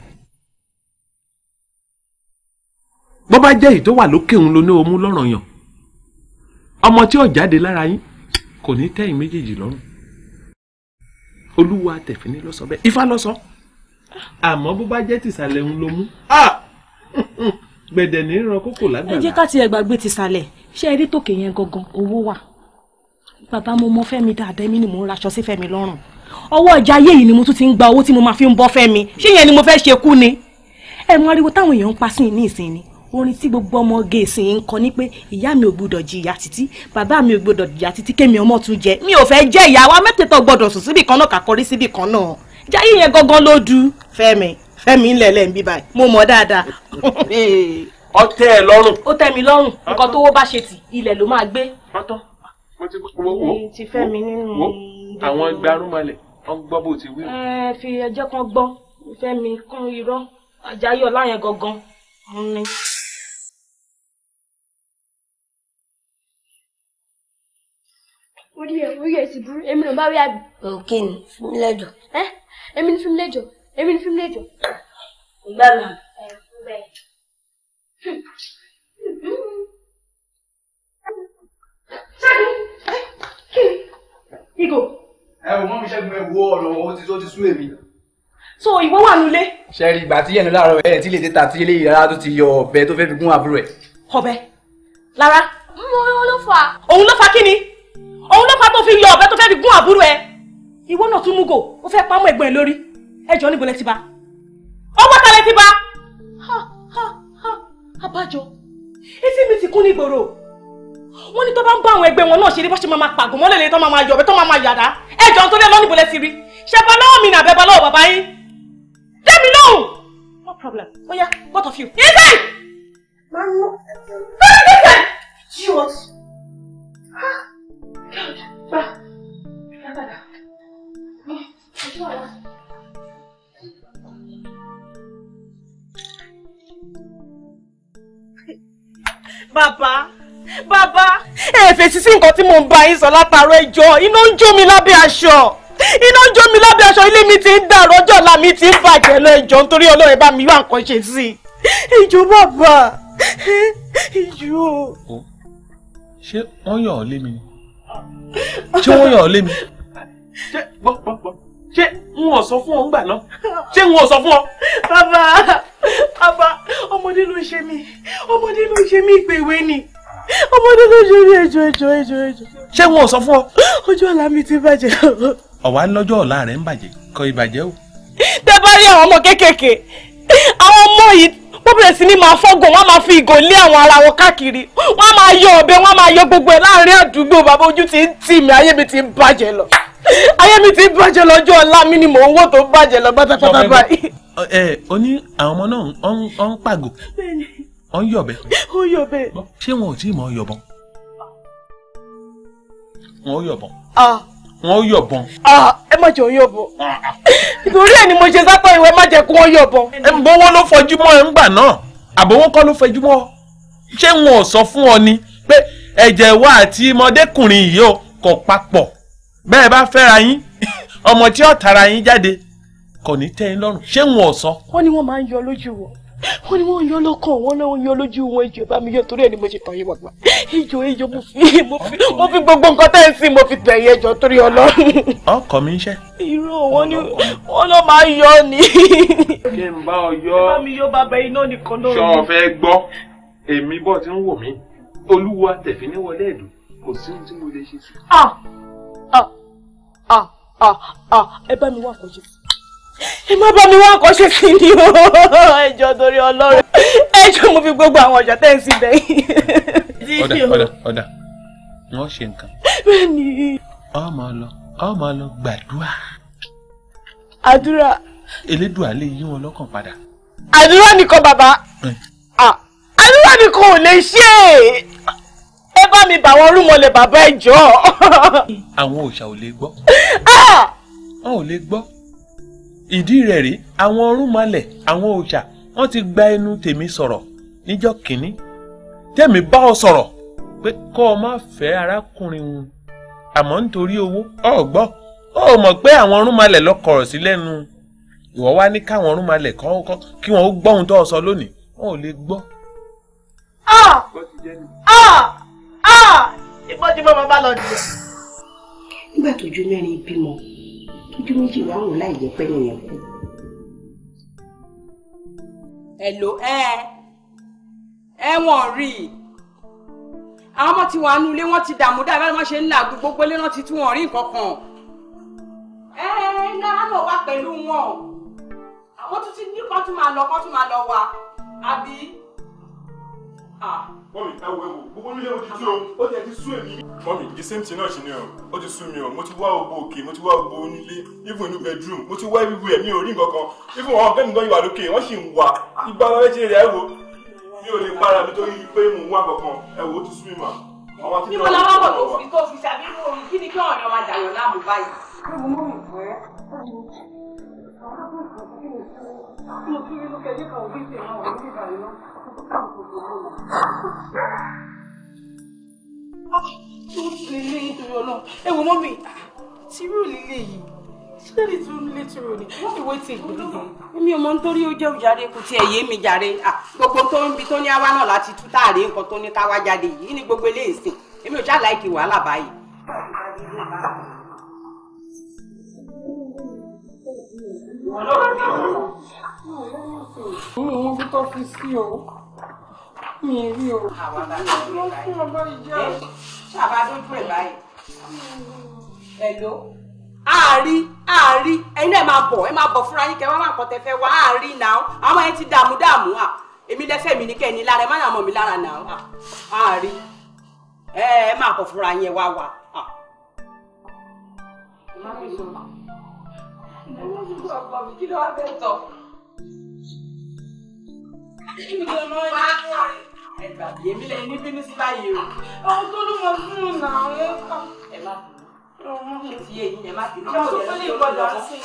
Speaker 2: bó bá jẹ́ èyí tó wà lókè ń lo ní omú lọ́rọ̀ yàn ọmọ tí ò jáde lára yín kò ní tẹ́yìn méjèèjì lọ́rùn olúwa tẹ̀fíní ló sọ bẹ́ẹ̀ ifá ló sọ àmọ́ bó bá jẹ́ tìsàlẹ̀ ń lo mú gbẹ̀dẹ̀ ní ìran kókò lágbàlá. ẹ jẹ́ ká tiẹ̀ gbàgbé tìsàlẹ̀ ṣé ẹ rí tòkè yẹn gangan owó wà bàbá mo mọ fẹ́mi dáadáa èmi ni mò ń raṣọ sí fẹ́mi lọ́rùn ọwọ́ ọjà ayé yìí ni mo tún ti ń gba owó tí mo máa fi ń bọ́ fẹ́mi ṣé yẹn ni mo fẹ́ ṣe kú ni ẹ mọ ariwo táwọn èèyàn ń pa sí ní ìsìn orin tí gbogbo ọmọ gèsè ń kọ ni pé ìyá mi ò gbọdọ̀ jìyà títí bàbá mi ò gbọdọ̀ jìyà títí kémi ọmọ tún jẹ mi ò fẹ́ jẹ́ ìyàwó amẹ́tẹ̀ẹ̀tọ̀ gbọdọ̀ sùn síbì kan náà kàkọrí síbì kan náà jáyé yẹn gangan ló du fẹ́mi fẹ́mi ńlẹ̀lẹ̀ ń bí báyìí mo mọ̀ dáadáa.
Speaker 1: ó tẹ́ ẹ lọ́rùn. ó tẹ́ mi lọ́rùn nǹkan tó wó bá ṣe tì ilẹ̀ ló máa gbé. pátọ́ mo ti wo wo ti fẹ́mi nínú.
Speaker 2: àwọn gbarúmọlẹ̀ wọ́n gbọ́ bó ti wí.
Speaker 1: ẹ fi ẹjọ́ kan gbọ́ fẹ́mi kún irọ́ Àjàyí Ọláyẹn gangan. Mm-hmm. orí ẹ̀ orí ẹ̀ sì burú èmi náà bá rí àbí. òkè ni fún mi lẹ́jọ́. ẹ èmi ni fún mi lẹ́jọ́ èmi ni fún mi lẹ́jọ́. ìgbà mi. Igo.
Speaker 2: Ẹ wo mọ́ mi ṣẹ́gun ẹ wo ọ̀rọ̀ wọn ti tó ti sú èmi. So ìwọ wà nulẹ̀. Ṣẹ́rí ìgbà tí yẹnu láàárọ̀ ẹ̀ tí lè tẹ́ta tí eléyìí rárá tó ti yọ ọ̀bẹ tó fẹ́ fi gún àbúrò ẹ̀. Ọ̀bẹ. Lára.
Speaker 1: Mo ló fà.
Speaker 2: Òun ló fà kí ni? òun ló pa tó fi yọ ọ̀bẹ tó fẹ́ fi gún àbúrò ẹ ìwọ náà tún mú gò ó fẹ́ pamọ́ ẹ̀gbọ́n ẹ lórí ẹjọ́ níbo lẹ ti bá ọwọ́ ta lẹ ti bá
Speaker 5: ha ha ha
Speaker 2: abájọ etí mi ti kún ní ìgboro wọ́n ní tó bá ń bá àwọn ẹgbẹ́ wọn náà ṣe ní bó ṣe máa máa pàgọ́ mọ́lẹ̀ lẹ́yìn tó máa máa yọ̀bẹ tó máa máa yàdá ẹjọ́ nítorí ẹ lọ níbo lẹ ti rí ṣẹba lọ́wọ́ mi nàbẹ́ ba lọ́wọ́ bàbá yín dẹ́mi lóhùn
Speaker 1: no problem oya both of you inside. Man, no. Jesus. Huh? Bàbá, bàbá, ẹ fèsì sí nǹkan tí mò ń bá yín sọ látàárọ̀ ẹjọ́, iná ń jó mi lábẹ́
Speaker 2: aṣọ. Iná ń jó mi lábẹ́ aṣọ, ilé mi ti ń dàrú, ọjọ́ ọ̀la mi ti ń bàjẹ́ lọ ẹjọ́ nítorí Ọlọ́run bá mi wá nǹkan ṣe sí i. Ìjọ bàbá, ìjọ. Ṣé wọ́n yàn ọ́ lé mi ni? ṣé wọ́n yàn ọ́ lé mi. ṣé gbọ́ gbọ́ gbọ́ ṣé n ò sọ fún ọ ńgbà náà ṣé n ò sọ fún ọ. bàbá bàbá ọmọdé ló ṣe mí ọmọdé ló ṣe mí ìpèwé ni ọmọdé ló ṣe mí ẹjọ́ ẹjọ́ ẹjọ́ ẹjọ́. ṣé n ò sọ fún ọ. ọjọ́ ọ̀la mi ti bàjẹ́. ọ̀wá lọ́jọ́ ọ̀la rẹ̀ ń bàjẹ́ kọ ìbàjẹ́ o. tẹ́ bá rí àwọn ọmọ kéékèèké àwọn ọmọ yìí wọ́n bẹ̀rẹ̀ sí ní máa fọ́gùn wọ́n máa fi ìgò lé àwọn ara wọn káàkiri wọ́n máa yọ ọ̀bẹ wọ́n máa yọ gbogbo ẹ̀ láàrin àdúgbò bàbá ojú ti ń tì mí ayé mi ti ń bàjẹ́ lọ ayé mi ti ń bàjẹ́ lọ ọjọ́ ọ̀la mi ni mò ń wò tó bàjẹ́ lọ pátápátá báyìí. ẹ ọ ní àwọn ọmọ náà ọ ń pàgò ọ ń yọ̀bẹ. ó yọ̀bẹ. ṣé wọn ò tí ì mọ yọ̀bọ̀n. wọn wọn ó yọ̀bọ̀n. ẹ má jẹ́ òun yọ̀bọ̀n nítorí ẹ̀ ni mo ṣe sápá ìwé má jẹ́ kó wọ́n yọ̀bọ̀n. ẹ ń bọ́wọ́ ló fọjú mọ́ ẹ ń gbà náà àbọ̀wọ́ kọ́ ló fọjú mọ́ ṣé wọn ò sọ fún ọ ni pé ẹ̀jẹ̀ wa àti ọmọdékùnrin yìí ò kò papọ̀ bẹ́ẹ̀ bá fẹ́ra yín ọmọ tí ó tara yín jáde kò ní tẹ́ lọ́rùn ṣé wọn ò sọ. wọ́n ní wọ́n máa ń yọ lójú wọn wọ́n ní wọ́n yọ lọ́kàn wọ́n náà yọ lójú wọn ìjọ bá mi yọ torí ẹ̀ ni mo ṣe tàn yín wàgbà ìjọ ìjọ mo fi
Speaker 4: mo fi mo fi gbogbo nǹkan tẹ́ ẹ sí mo fi tẹ̀ yín ẹjọ́ torí ọlọ́run.
Speaker 2: ọkọ mi ń ṣe. irú wọn ni wọn náà máa yọ ni. kí n bá ọ yọ. bá mi yọ bàbá iná nìkan lóru. sọ fẹ́ gbọ́ èmi bọ ti ń wò mí olúwa tẹfí ní wọlé ẹdùn kò sí ohun tí mo lè ṣe sí.
Speaker 1: Ah, ah, ah, ẹ bá mi wá àkọsí ẹ má bá mi wá nǹkan ṣe sí ni o
Speaker 2: ẹjọ́ torí Ọlọ́run ẹjọ́ mo fi gbogbo àwọn ọjà tẹ́ ẹ sí bẹ́ẹ̀. ọ̀dà ọ̀dà ọ̀dà wọ́n ṣe nǹkan. bẹ́ẹ̀ni. a máa lọ a máa lọ gbàdúrà. àdúrà. elédùà lè yí wọn lọ́kàn padà.
Speaker 1: àdúrà nìkan bàbá àdúrà nìkan ò lè ṣe é
Speaker 2: ẹ bá mi bà wọn rúmọlẹ̀ bàbá ẹ jọ. àwọn òòṣà ò lè gbọ́. wọn ò lè gbọ́ ìdí rẹ̀ rí àwọn ọ̀rúnmalẹ̀ àwọn òòṣà wọ́n ti gba ẹnu tèmi sọ̀rọ̀ níjọ́ kìíní tèmi bá ọ sọ̀rọ̀ pé kọ́ ọ má fẹ́ arákùnrin wọn àmọ́ nítorí owó ọ gbọ́ ọ mọ̀ pé àwọn ọ̀rúnmalẹ̀ lọ kọ̀rọ̀ sí lẹ́nu ìwọ wá ní káwọn ọ̀rúnmalẹ̀ kọ́ kí wọ́n gbọ́ ohun tó ọ sọ lónìí wọn ò lè gbọ́. ìbọn tí mo máa bá lọ dìde.
Speaker 1: nígbà tó ju mẹ́rin bímọ ojú méjì wá wò láì jẹ́ pé nìyẹn kú. ẹ lò ẹ ẹwọn rí i
Speaker 2: àwọn ọmọ tí wàá nu ilé wọn ti dààmú dáa báyìí wọn ṣe ń làágùn gbogbo ilé náà ti tún wọn rí nǹkan kan.
Speaker 1: ẹ ẹ náírà lọ wá pẹ̀lú wọn àwọn tún ti ní kán tún máa
Speaker 2: lọ kán tún máa lọ wá àbí. Ah mọ́mí ẹwọ ẹwọ gbogbo nílé ojú tí o ó jẹ́ ti sú èmi. mọ́mí the same thing náà ṣe ni o ó ti sú mi o mo ti wá ògbó òkè mo ti wá ògbó onílé even inú bedroom mo ti wá everywhere mi ò rí nǹkan kan even wọn ọ̀gá mi gan ìwà lókè wọ́n sì ń wà igba méjì rẹ̀ ẹ̀wò mi ò lè para mi torí pé mò ń wá kankan ẹ̀wò ó ti sú
Speaker 1: mi mà. níbo la wá bọ̀ tó fi tó fi ṣàbí mú omi kí ni kí ọ̀rẹ́ wa dàyọ̀ láàmú báyìí. Mo kiri lókè ní kan òbí tèmi àwọn òbí tèmi tó lè lé nítorí ọlọ́run ẹ wò mọ́mì tírú
Speaker 2: lílé yìí sẹ́ni tó ń lé tírú ni ìwé ti gbèrè èmi ọmọ nítorí ó jẹ́ òjàre kò tiẹ̀ yé mi jàre gbogbo tó ń bi tó ní àwa náà láti tú táàrí nǹkan tó ní káwá jáde yìí ní gbogbo eléyìí sìn èmi ò ṣáà láìkì wàhálà báyìí.
Speaker 1: Mo lọ́wọ́ sí ọ̀rọ̀. Mo lọ́wọ́ sí ọ̀rọ̀. Mo lọ́wọ́ sí ọ̀rọ̀. mi o mo fún ọba ìjà ṣàbádójú ẹ báyìí ẹlò àárí àárí ẹ̀yin náà máa bọ̀ ẹ máa bọ̀ fúnra yín kẹ́ wá máa kọ́ tẹ wá àárí náà àwọn
Speaker 2: ẹ ti dààmú dààmú à èmi lẹ́fẹ̀ẹ́ mi ní kẹ́ lára ẹ má mi lára náà àárí ẹ ẹ máa fúnra yín wá
Speaker 1: Kí ló wá fẹ́ tọ̀? Kí ló ẹ gbàgbé
Speaker 2: èmi lẹ́yìn ní bínú sí báyìí o.
Speaker 1: ọ̀hún tó ló mọ fún un náà wọ́n kà. ẹ má
Speaker 2: bínú kí ti yé yín ẹ má bínú. ìjọba tó fẹ́ lè gbọ́dọ̀ sí i.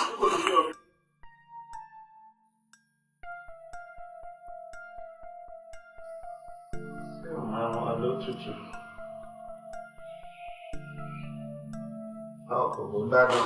Speaker 5: Àwọn alótùtù. Ọkọ̀ kò gbádùn.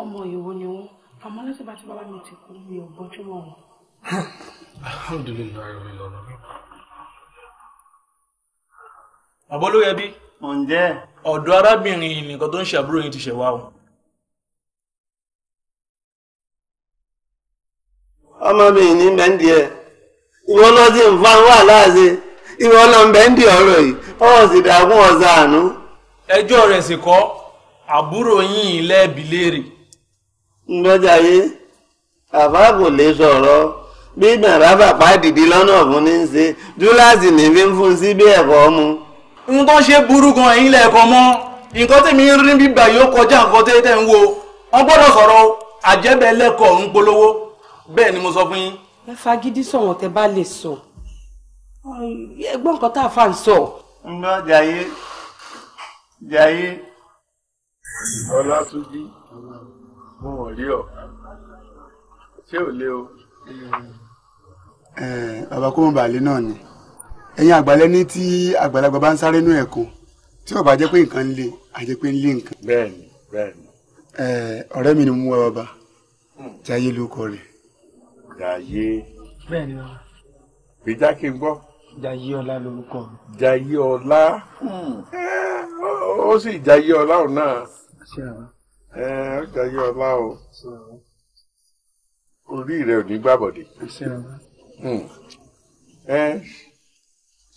Speaker 1: ọmọ ìwò ni wọn àmọ́ láti bá ti bàbá mi ti kú mi ò gbọ́jú mọ́ wọn.
Speaker 2: alhamdulilayi rẹ bí. ǹjẹ́. arábìnrin nìkan tó ń yìí ti o.
Speaker 4: ní ẹ̀ ìwọ lọ sí nǹkan wà láàṣẹ ìwọ lọ ọ̀rọ̀ yìí ọwọ́ àánú. ẹjọ́ rẹ̀ sì kọ́ àbúrò ńlọ́jà yé àfa kò lè sọ̀rọ̀ bí bàbá bàbá dìdí lọ́nà ọ̀fun ní í ṣe dúláàsì ní fi ń fún sí bí ẹ̀kọ́ mu. n tó ṣe burú gan ẹ̀yin lẹ́ẹ̀kan mọ́ nǹkan tèmi ń rí bíbà yóò kọjá nǹkan tẹ́ tẹ́ ń wo
Speaker 1: wọ́n
Speaker 2: gbọ́dọ̀ sọ̀rọ̀ àjẹ́bẹ̀ lẹ́kọ̀ọ́ ń polówó bẹ́ẹ̀ ni mo sọ fún yín.
Speaker 1: ẹ fagídí sọ̀wọ́n tẹ bá lè sọ ẹgbọ́n nǹkan tá a fà ń sọ.
Speaker 4: ńlọ jàyé jàyé ọlátúnjí. mo ò rí ọ ṣé
Speaker 2: bàbá kó náà ni ẹ̀yin àgbàlẹ́ tí àgbàlagbà bá ń sáré ẹ̀kọ́ tí ó bá jẹ́ pé nǹkan ń lé pé ń lé nǹkan. ọ̀rẹ́ mi ni mo jayé ló jayé hmm. sì jayé ọ̀nà. ṣé ẹ ó jayé ọlá o orí rẹ ò ní gbàbọdè hmm.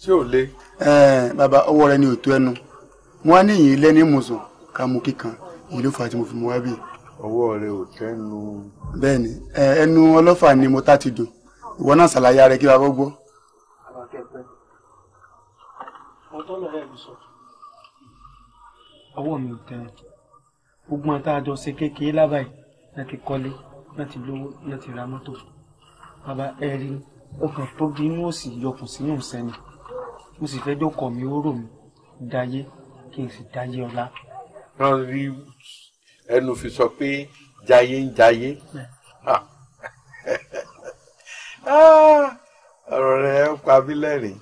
Speaker 2: ṣé ò le. bàbá ọwọ́ rẹ ni ò tó ẹnu wọn á ní ilé ní ìmùsùn ká mú kíkan fi mú
Speaker 3: bí. ọwọ́ rẹ ò tẹnu.
Speaker 2: ẹnu ọlọ́fà ni mo tá ti dùn ìwọ náà ṣàlàyé ara rẹ kí gbogbo àwọn tá a jọ ṣe
Speaker 4: kékeré lábàáyé náà ti kọ́lé náà ti lówó náà ti ra mọ́tò bàbá ẹ rí i ọkàn tó
Speaker 2: di inú òsì yọkùn sínú sẹ́ni mo sì fẹ́ dọ́kọ̀ mi ó rò mí dáyé kí n sì dáyé ọlá. wọ́n rí ẹnu fi sọ pé jayé ń jayé ah.
Speaker 5: Ah,
Speaker 2: ọ̀rọ̀ rẹ̀ ń pa mí lẹ́rìn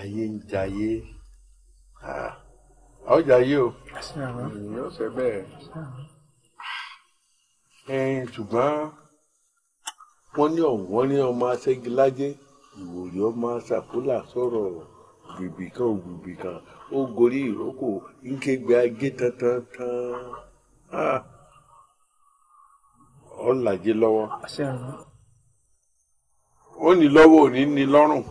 Speaker 2: jayé ń jayé. Ah. ọjà yìí o yóò ṣe bẹ́ẹ̀ ẹ̀yin ṣùgbọ́n wọ́n ní ọ̀wọ́n ní ọmọ aṣẹ́gilájẹ́ ìwòrì ọmọ aṣàkólà sọ̀rọ̀ gbègbè kan gbègbè kan ó gorí ìrókò ńkẹgbẹ agé tantantan ọ̀làjẹ́ ah. lọ́wọ́ ó ní lọ́wọ́ ò ní ní lọ́rùn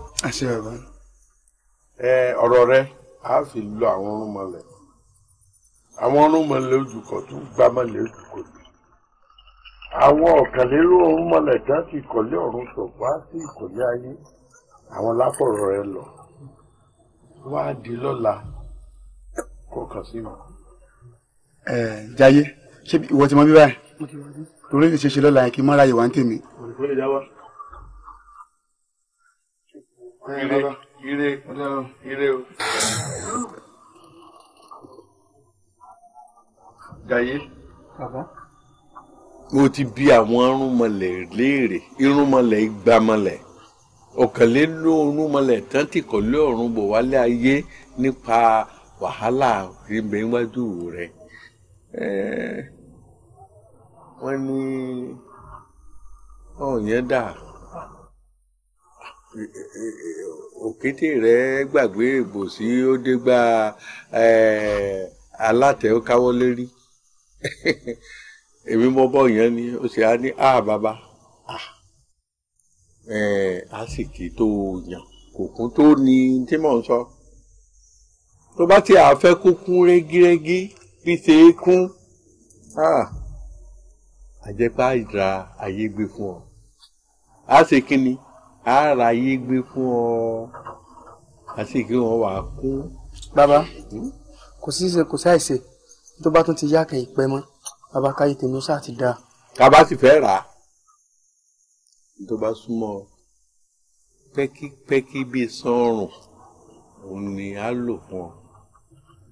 Speaker 2: eh, ọ̀rọ̀ rẹ. a fi lọ àwọn ọrùnmọlẹ̀ àwọn ọrùnmọlẹ̀ ojúkọ̀ tún gbámọlẹ̀ ojúkọ̀ jù àwọn ọ̀kànlérò ọrùnmọlẹ̀ kan ti ìkọ̀lé ọ̀run tó wá sí ìkọ̀lé ayé àwọn láfọ̀rọ̀ rẹ lọ wá di lọ́la
Speaker 4: kọkàn sí mi. ẹ jayé ṣé ìwọ ti mọ bí báyìí torí ní ṣeṣe lọ́la yẹn kí n má ráyè wá ń tèmi. ìrẹ́lẹ̀ ire ọlọ́run ire o.
Speaker 3: Jàyé. Bàbá.
Speaker 2: O ti bi àwọn irúnmọlẹ̀ léèrè irúnmọlẹ̀ igbamọlẹ̀ ọ̀kànlélórúnmọlẹ̀ tán ti kọ̀lé ọ̀run bọ̀ wálé ayé nípa wàhálà ìbẹ̀ iwájú rẹ̀. Wọ́n ní ọ̀yẹ́dà. Oh, òkété rẹ̀ gbàgbé ìbò sí ó dégbà alátẹ̀ ó káwọ́ lérí èmi mọ bọ́ yẹn ni ó sì á ní a bàbá a sì kì í tó yàn kò kún tó ní tí mò ń sọ
Speaker 4: tó bá ti àfẹ́ kó kún
Speaker 2: régírégí bí ṣe é kún àjẹpá ìdra ayé gbé fún ọ a ṣe kí ni ara yé gbé fún ọ àti kí wọn wà kú.
Speaker 3: bàbá hmm? kò síse kò sáìsè tó bá tún ti yá kẹyìn pẹ mọ bàbá káyé tèmi ṣáà ti dáa.
Speaker 4: kábà sì fẹ́ rà á tó bá súnmọ́ pẹ́kípẹ́kí bíi sọ́ọ̀rùn òun ni á lò fún ọ.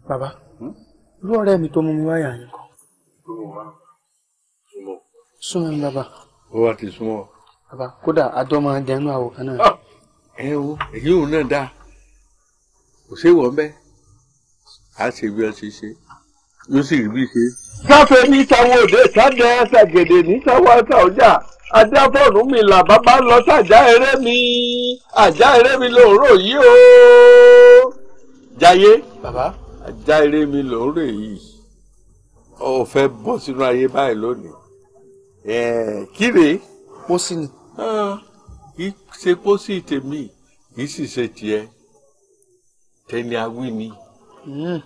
Speaker 4: bàbá hmm? irú ọ̀rẹ́ mi tó mú mi wáyà yín kan. súnmọ́ mi bàbá.
Speaker 2: ó wà ti súnmọ́
Speaker 4: bàbá kódà àjọ máa jẹnu àwò kan náà. Ah,
Speaker 2: ẹ wo èyí òun náà dáa kò sí ìwọ mbẹ
Speaker 4: a ṣe bí ọ ṣe ṣe yóò sì rí bí ṣe. sáfẹ́ ní sáwọn òde sáde ṣàgèdè ní sáwọn àṣà ọjà adáfọ́ọ̀nù mi là bàbá lọ sàjà eré mi àjà eré mi lòórò yìí o.
Speaker 2: jayé bàbá àjà eré mi lòórò yìí ó fẹ́ bọ́ sínú ayé báyìí lónìí kíre. mo sì ní Ah, kì í ṣe pósí tèmi kì í sì ṣe tiẹ̀ tẹni awí ni
Speaker 4: hmm.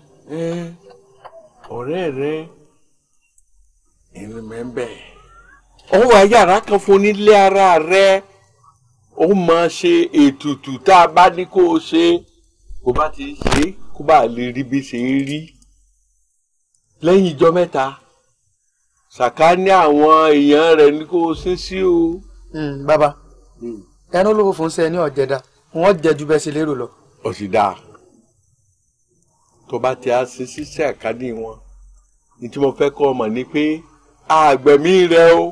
Speaker 4: ọ̀rẹ́ rẹ
Speaker 2: ìrìnmẹ́bẹ̀. ó wá yàrá kan fún nílé ara rẹ ó máa ṣe ètùtù tá a bá ní kó o ṣe kó bá ti ṣe kó bá lè rí bí ṣe é rí lẹ́yìn ijọ́ mẹ́ta sàkáání àwọn èèyàn rẹ̀ ní kó o ṣe sí o. Si
Speaker 4: Hmm, baba hmm. ẹnu olówó fún sẹ ní ọ̀jẹ̀dá wọ́n jẹ ju bẹ́ẹ̀ sí lérò lọ.
Speaker 2: ó sì dáa tó bá ti á ṣe ṣiṣẹ́ àkádì wọn ní tí mo fẹ́ kọ́ ọmọ ni pé àgbẹ̀mí rẹ o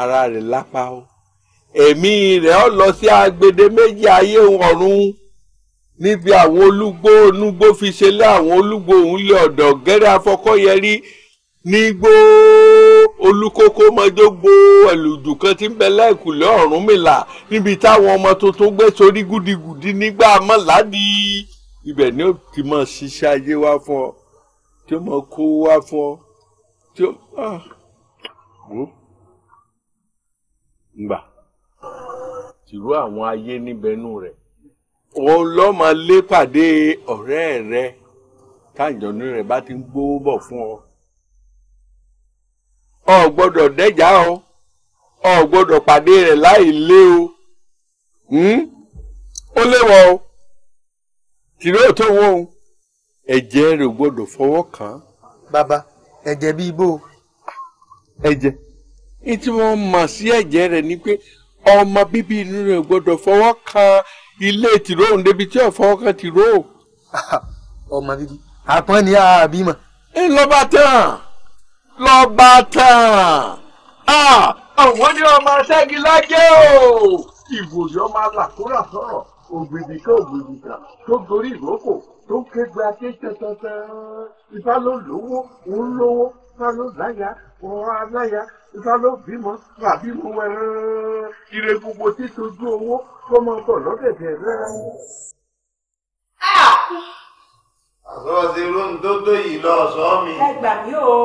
Speaker 2: ara rẹ̀ lápá o ẹ̀mí rẹ̀ ọ lọ sí agbede méjì ayé ọ̀run níbi àwọn olúgbó onúgbó fi ṣe lé àwọn olúgbó òun lé ọ̀dọ̀ gẹ́rẹ́ afọkọ́yẹrí ní gbóòó olúkókó mọjọ gbóò ẹlòjò kan ti ń bẹ lẹ́ẹ̀kùlé Ọ̀rúnmìlà níbi táwọn ọmọ tuntun gbé sórí gúdígúdí nígbà mọ́ládì ibẹ̀ ni ó ti mọ ṣiṣẹ́ ayé wá fún ọ tí ó mọ kó wá fún ọ tí ó mọ. Ah, ngbà tìrú àwọn ayé níbẹ̀nú rẹ̀ òun lọ́mọ lé pàdé ọ̀rẹ́ rẹ táǹjọ̀nú rẹ̀ bá ti ń gbówó bọ̀ fún ọ. ọ gbọ́dọ̀ dẹ́jà o ọ gbọ́dọ̀ pàdé rẹ láì lé o hmm? ó léwọ o tìrí ò tó wọn o ẹ̀jẹ̀ rẹ̀ ò gbọ́dọ̀ kàn bàbá ẹjẹ bíi bó. ẹjẹ ní tí wọ́n mọ̀ sí ẹjẹ rẹ ni pé ọmọ bíbí inú rẹ̀ ò gbọ́dọ̀ kàn ilé tìró òun débi tí ò fọwọ́ kàn tìró.
Speaker 4: ọmọ bíbí àpọ́n ni a bímọ. ńlọ bá tán.
Speaker 1: lọ́ba tán. àwọn ni ọmọ ṣẹ́gi lájẹ́ o ìwòye ọmọ alàkúrà sọ̀rọ̀ ògbèdì kan ògbèdì kan tó gorí ìrókò
Speaker 2: tó kégbe aké tẹ́tẹ́tẹ́ ifá ló lówó òun lówó ifá ló láyà òun aláyà ifá ló bímọ làbímọ wẹ́rẹ́ ire gbogbo títojú owó kọ́mọ bọ̀ lọ́dẹ̀dẹ̀ rẹ̀.
Speaker 4: Ah! àsọ̀rọ̀ ti rún dódó yìí lọ sọ mi.
Speaker 2: ẹ gbà mí o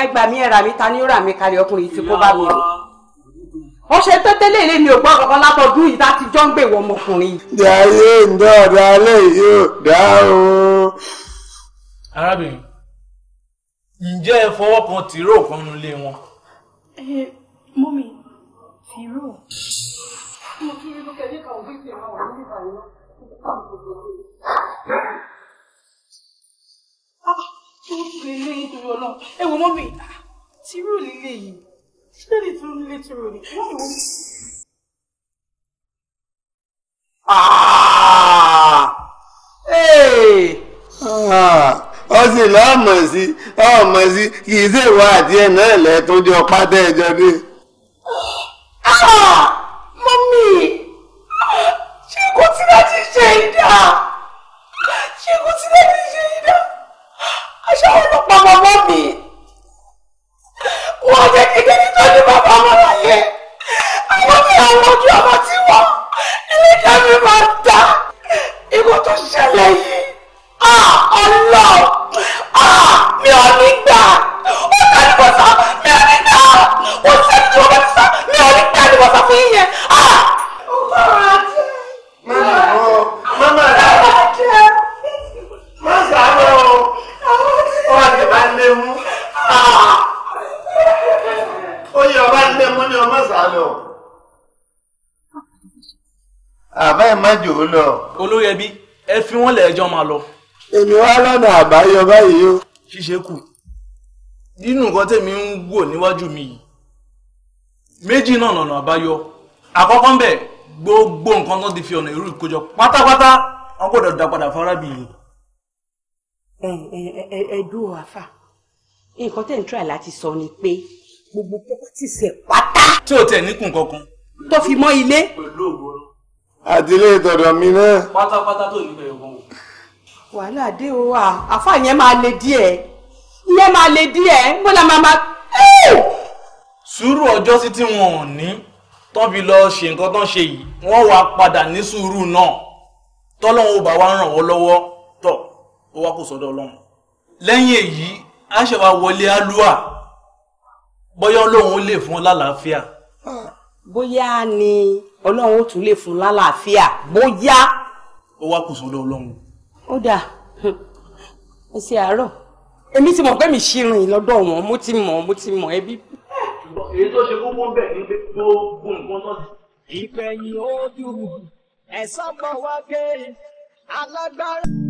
Speaker 1: ẹ gbà mí ẹ rà ta ni ó rà mí kalẹ̀ ọkùnrin yìí ti bá mi o. ó ṣe tètè lè lè mi ò gbọ́ kankan látọdún yìí láti jọ ń gbé ìwọ ọmọkùnrin. dàáyé
Speaker 4: ǹdọ́ dàálẹ̀ yóò dá o. arábìnrin
Speaker 2: ǹjẹ́ ẹ fọwọ́ kan tìró kan nílé wọn.
Speaker 1: ẹ mọ́mí tìró mo kí irú kẹ́lẹ́ kan gbèsè àwọn òní nígbà yẹn tó fi lẹ́yìn torí ọlọ́run ẹ wo mọ́mì tí rò líle yìí ṣé lè tún lè tún rò ní wọ́n mi
Speaker 4: wọ́n. ó sì lọ́mọ sí ọmọ sí kì í ṣèwọ àti ẹ̀ náà lẹ́ẹ̀tún di ọpá tẹ́ ẹ jọ dé.
Speaker 1: Ah! mọ́mì ṣé kò tí láti ṣe ìdá ṣé kò tí láti ṣe ìdá aṣọ àwọn tó pa mi wọ́n jẹ́ kékeré tó ní bàbá wọn láyé àwọn ojú ọmọ tí wọ́n ẹlẹ́dàá mi máa dá ikú tó ṣẹlẹ̀ yìí ah, ọlọ́ọ̀. Ah,
Speaker 2: máa lọ.
Speaker 4: èmi wá lọ́nà àbáyọ báyìí o.
Speaker 2: ṣíṣe kù nínú nǹkan tèmi ń wò níwájú mi yìí méjì náà lọ́nà àbáyọ àkọ́kọ́ ń bẹ̀ gbogbo nǹkan tó ti fi ọ̀nà ìrú ìkójọ pátápátá wọn gbọ́dọ̀ dá padà fún arábìnrin.
Speaker 1: ẹ ẹ ẹ dúró àfà nǹkan
Speaker 2: tẹ̀ ń tíra láti sọ ni pé gbogbo properties ẹ̀ pátá. tí o tẹ̀ níkùn kankan. tó fi mọ́ ilé.
Speaker 4: pẹ̀lú ìtọ̀dọ̀ mi náà. pátápátá tó nífẹ̀ẹ́ ọgbọ́n
Speaker 1: wàhálà dé o à
Speaker 2: àfa yẹn máa le díẹ̀ yẹn máa le díẹ̀ bọ́lá máa máa. sùúrù ọjọ́ sí tí wọn ò ní tán fi lọ ṣe nǹkan tán ṣe yìí wọ́n wá padà ní sùúrù náà tọ́lọ́run ó bá wa ràn wọ́n lọ́wọ́ tọ̀ ó wá kó sọ́dọ̀ ọlọ́run lẹ́yìn èyí á wọlé alúà bóyá ọlọ́run ó lè fún ọ lálàáfíà. bóyá ni ọlọ́run ó tún lè fún lálàáfíà bóyá. ó wá kó sọ́dọ̀ ọlọ́run ó dáa ẹ ṣe àárọ̀ èmi ti mọ̀ pé mi ṣìrìn lọ́dọ̀ wọn mo ti mọ̀ mo ti mọ̀ ẹbí.
Speaker 1: ṣùgbọ́n èyí tó ṣe kókó ń bẹ̀ ní pé gbogbo nǹkan náà. ìfẹ̀yìn ó ẹ̀sán bọ̀ wá pé alágbára.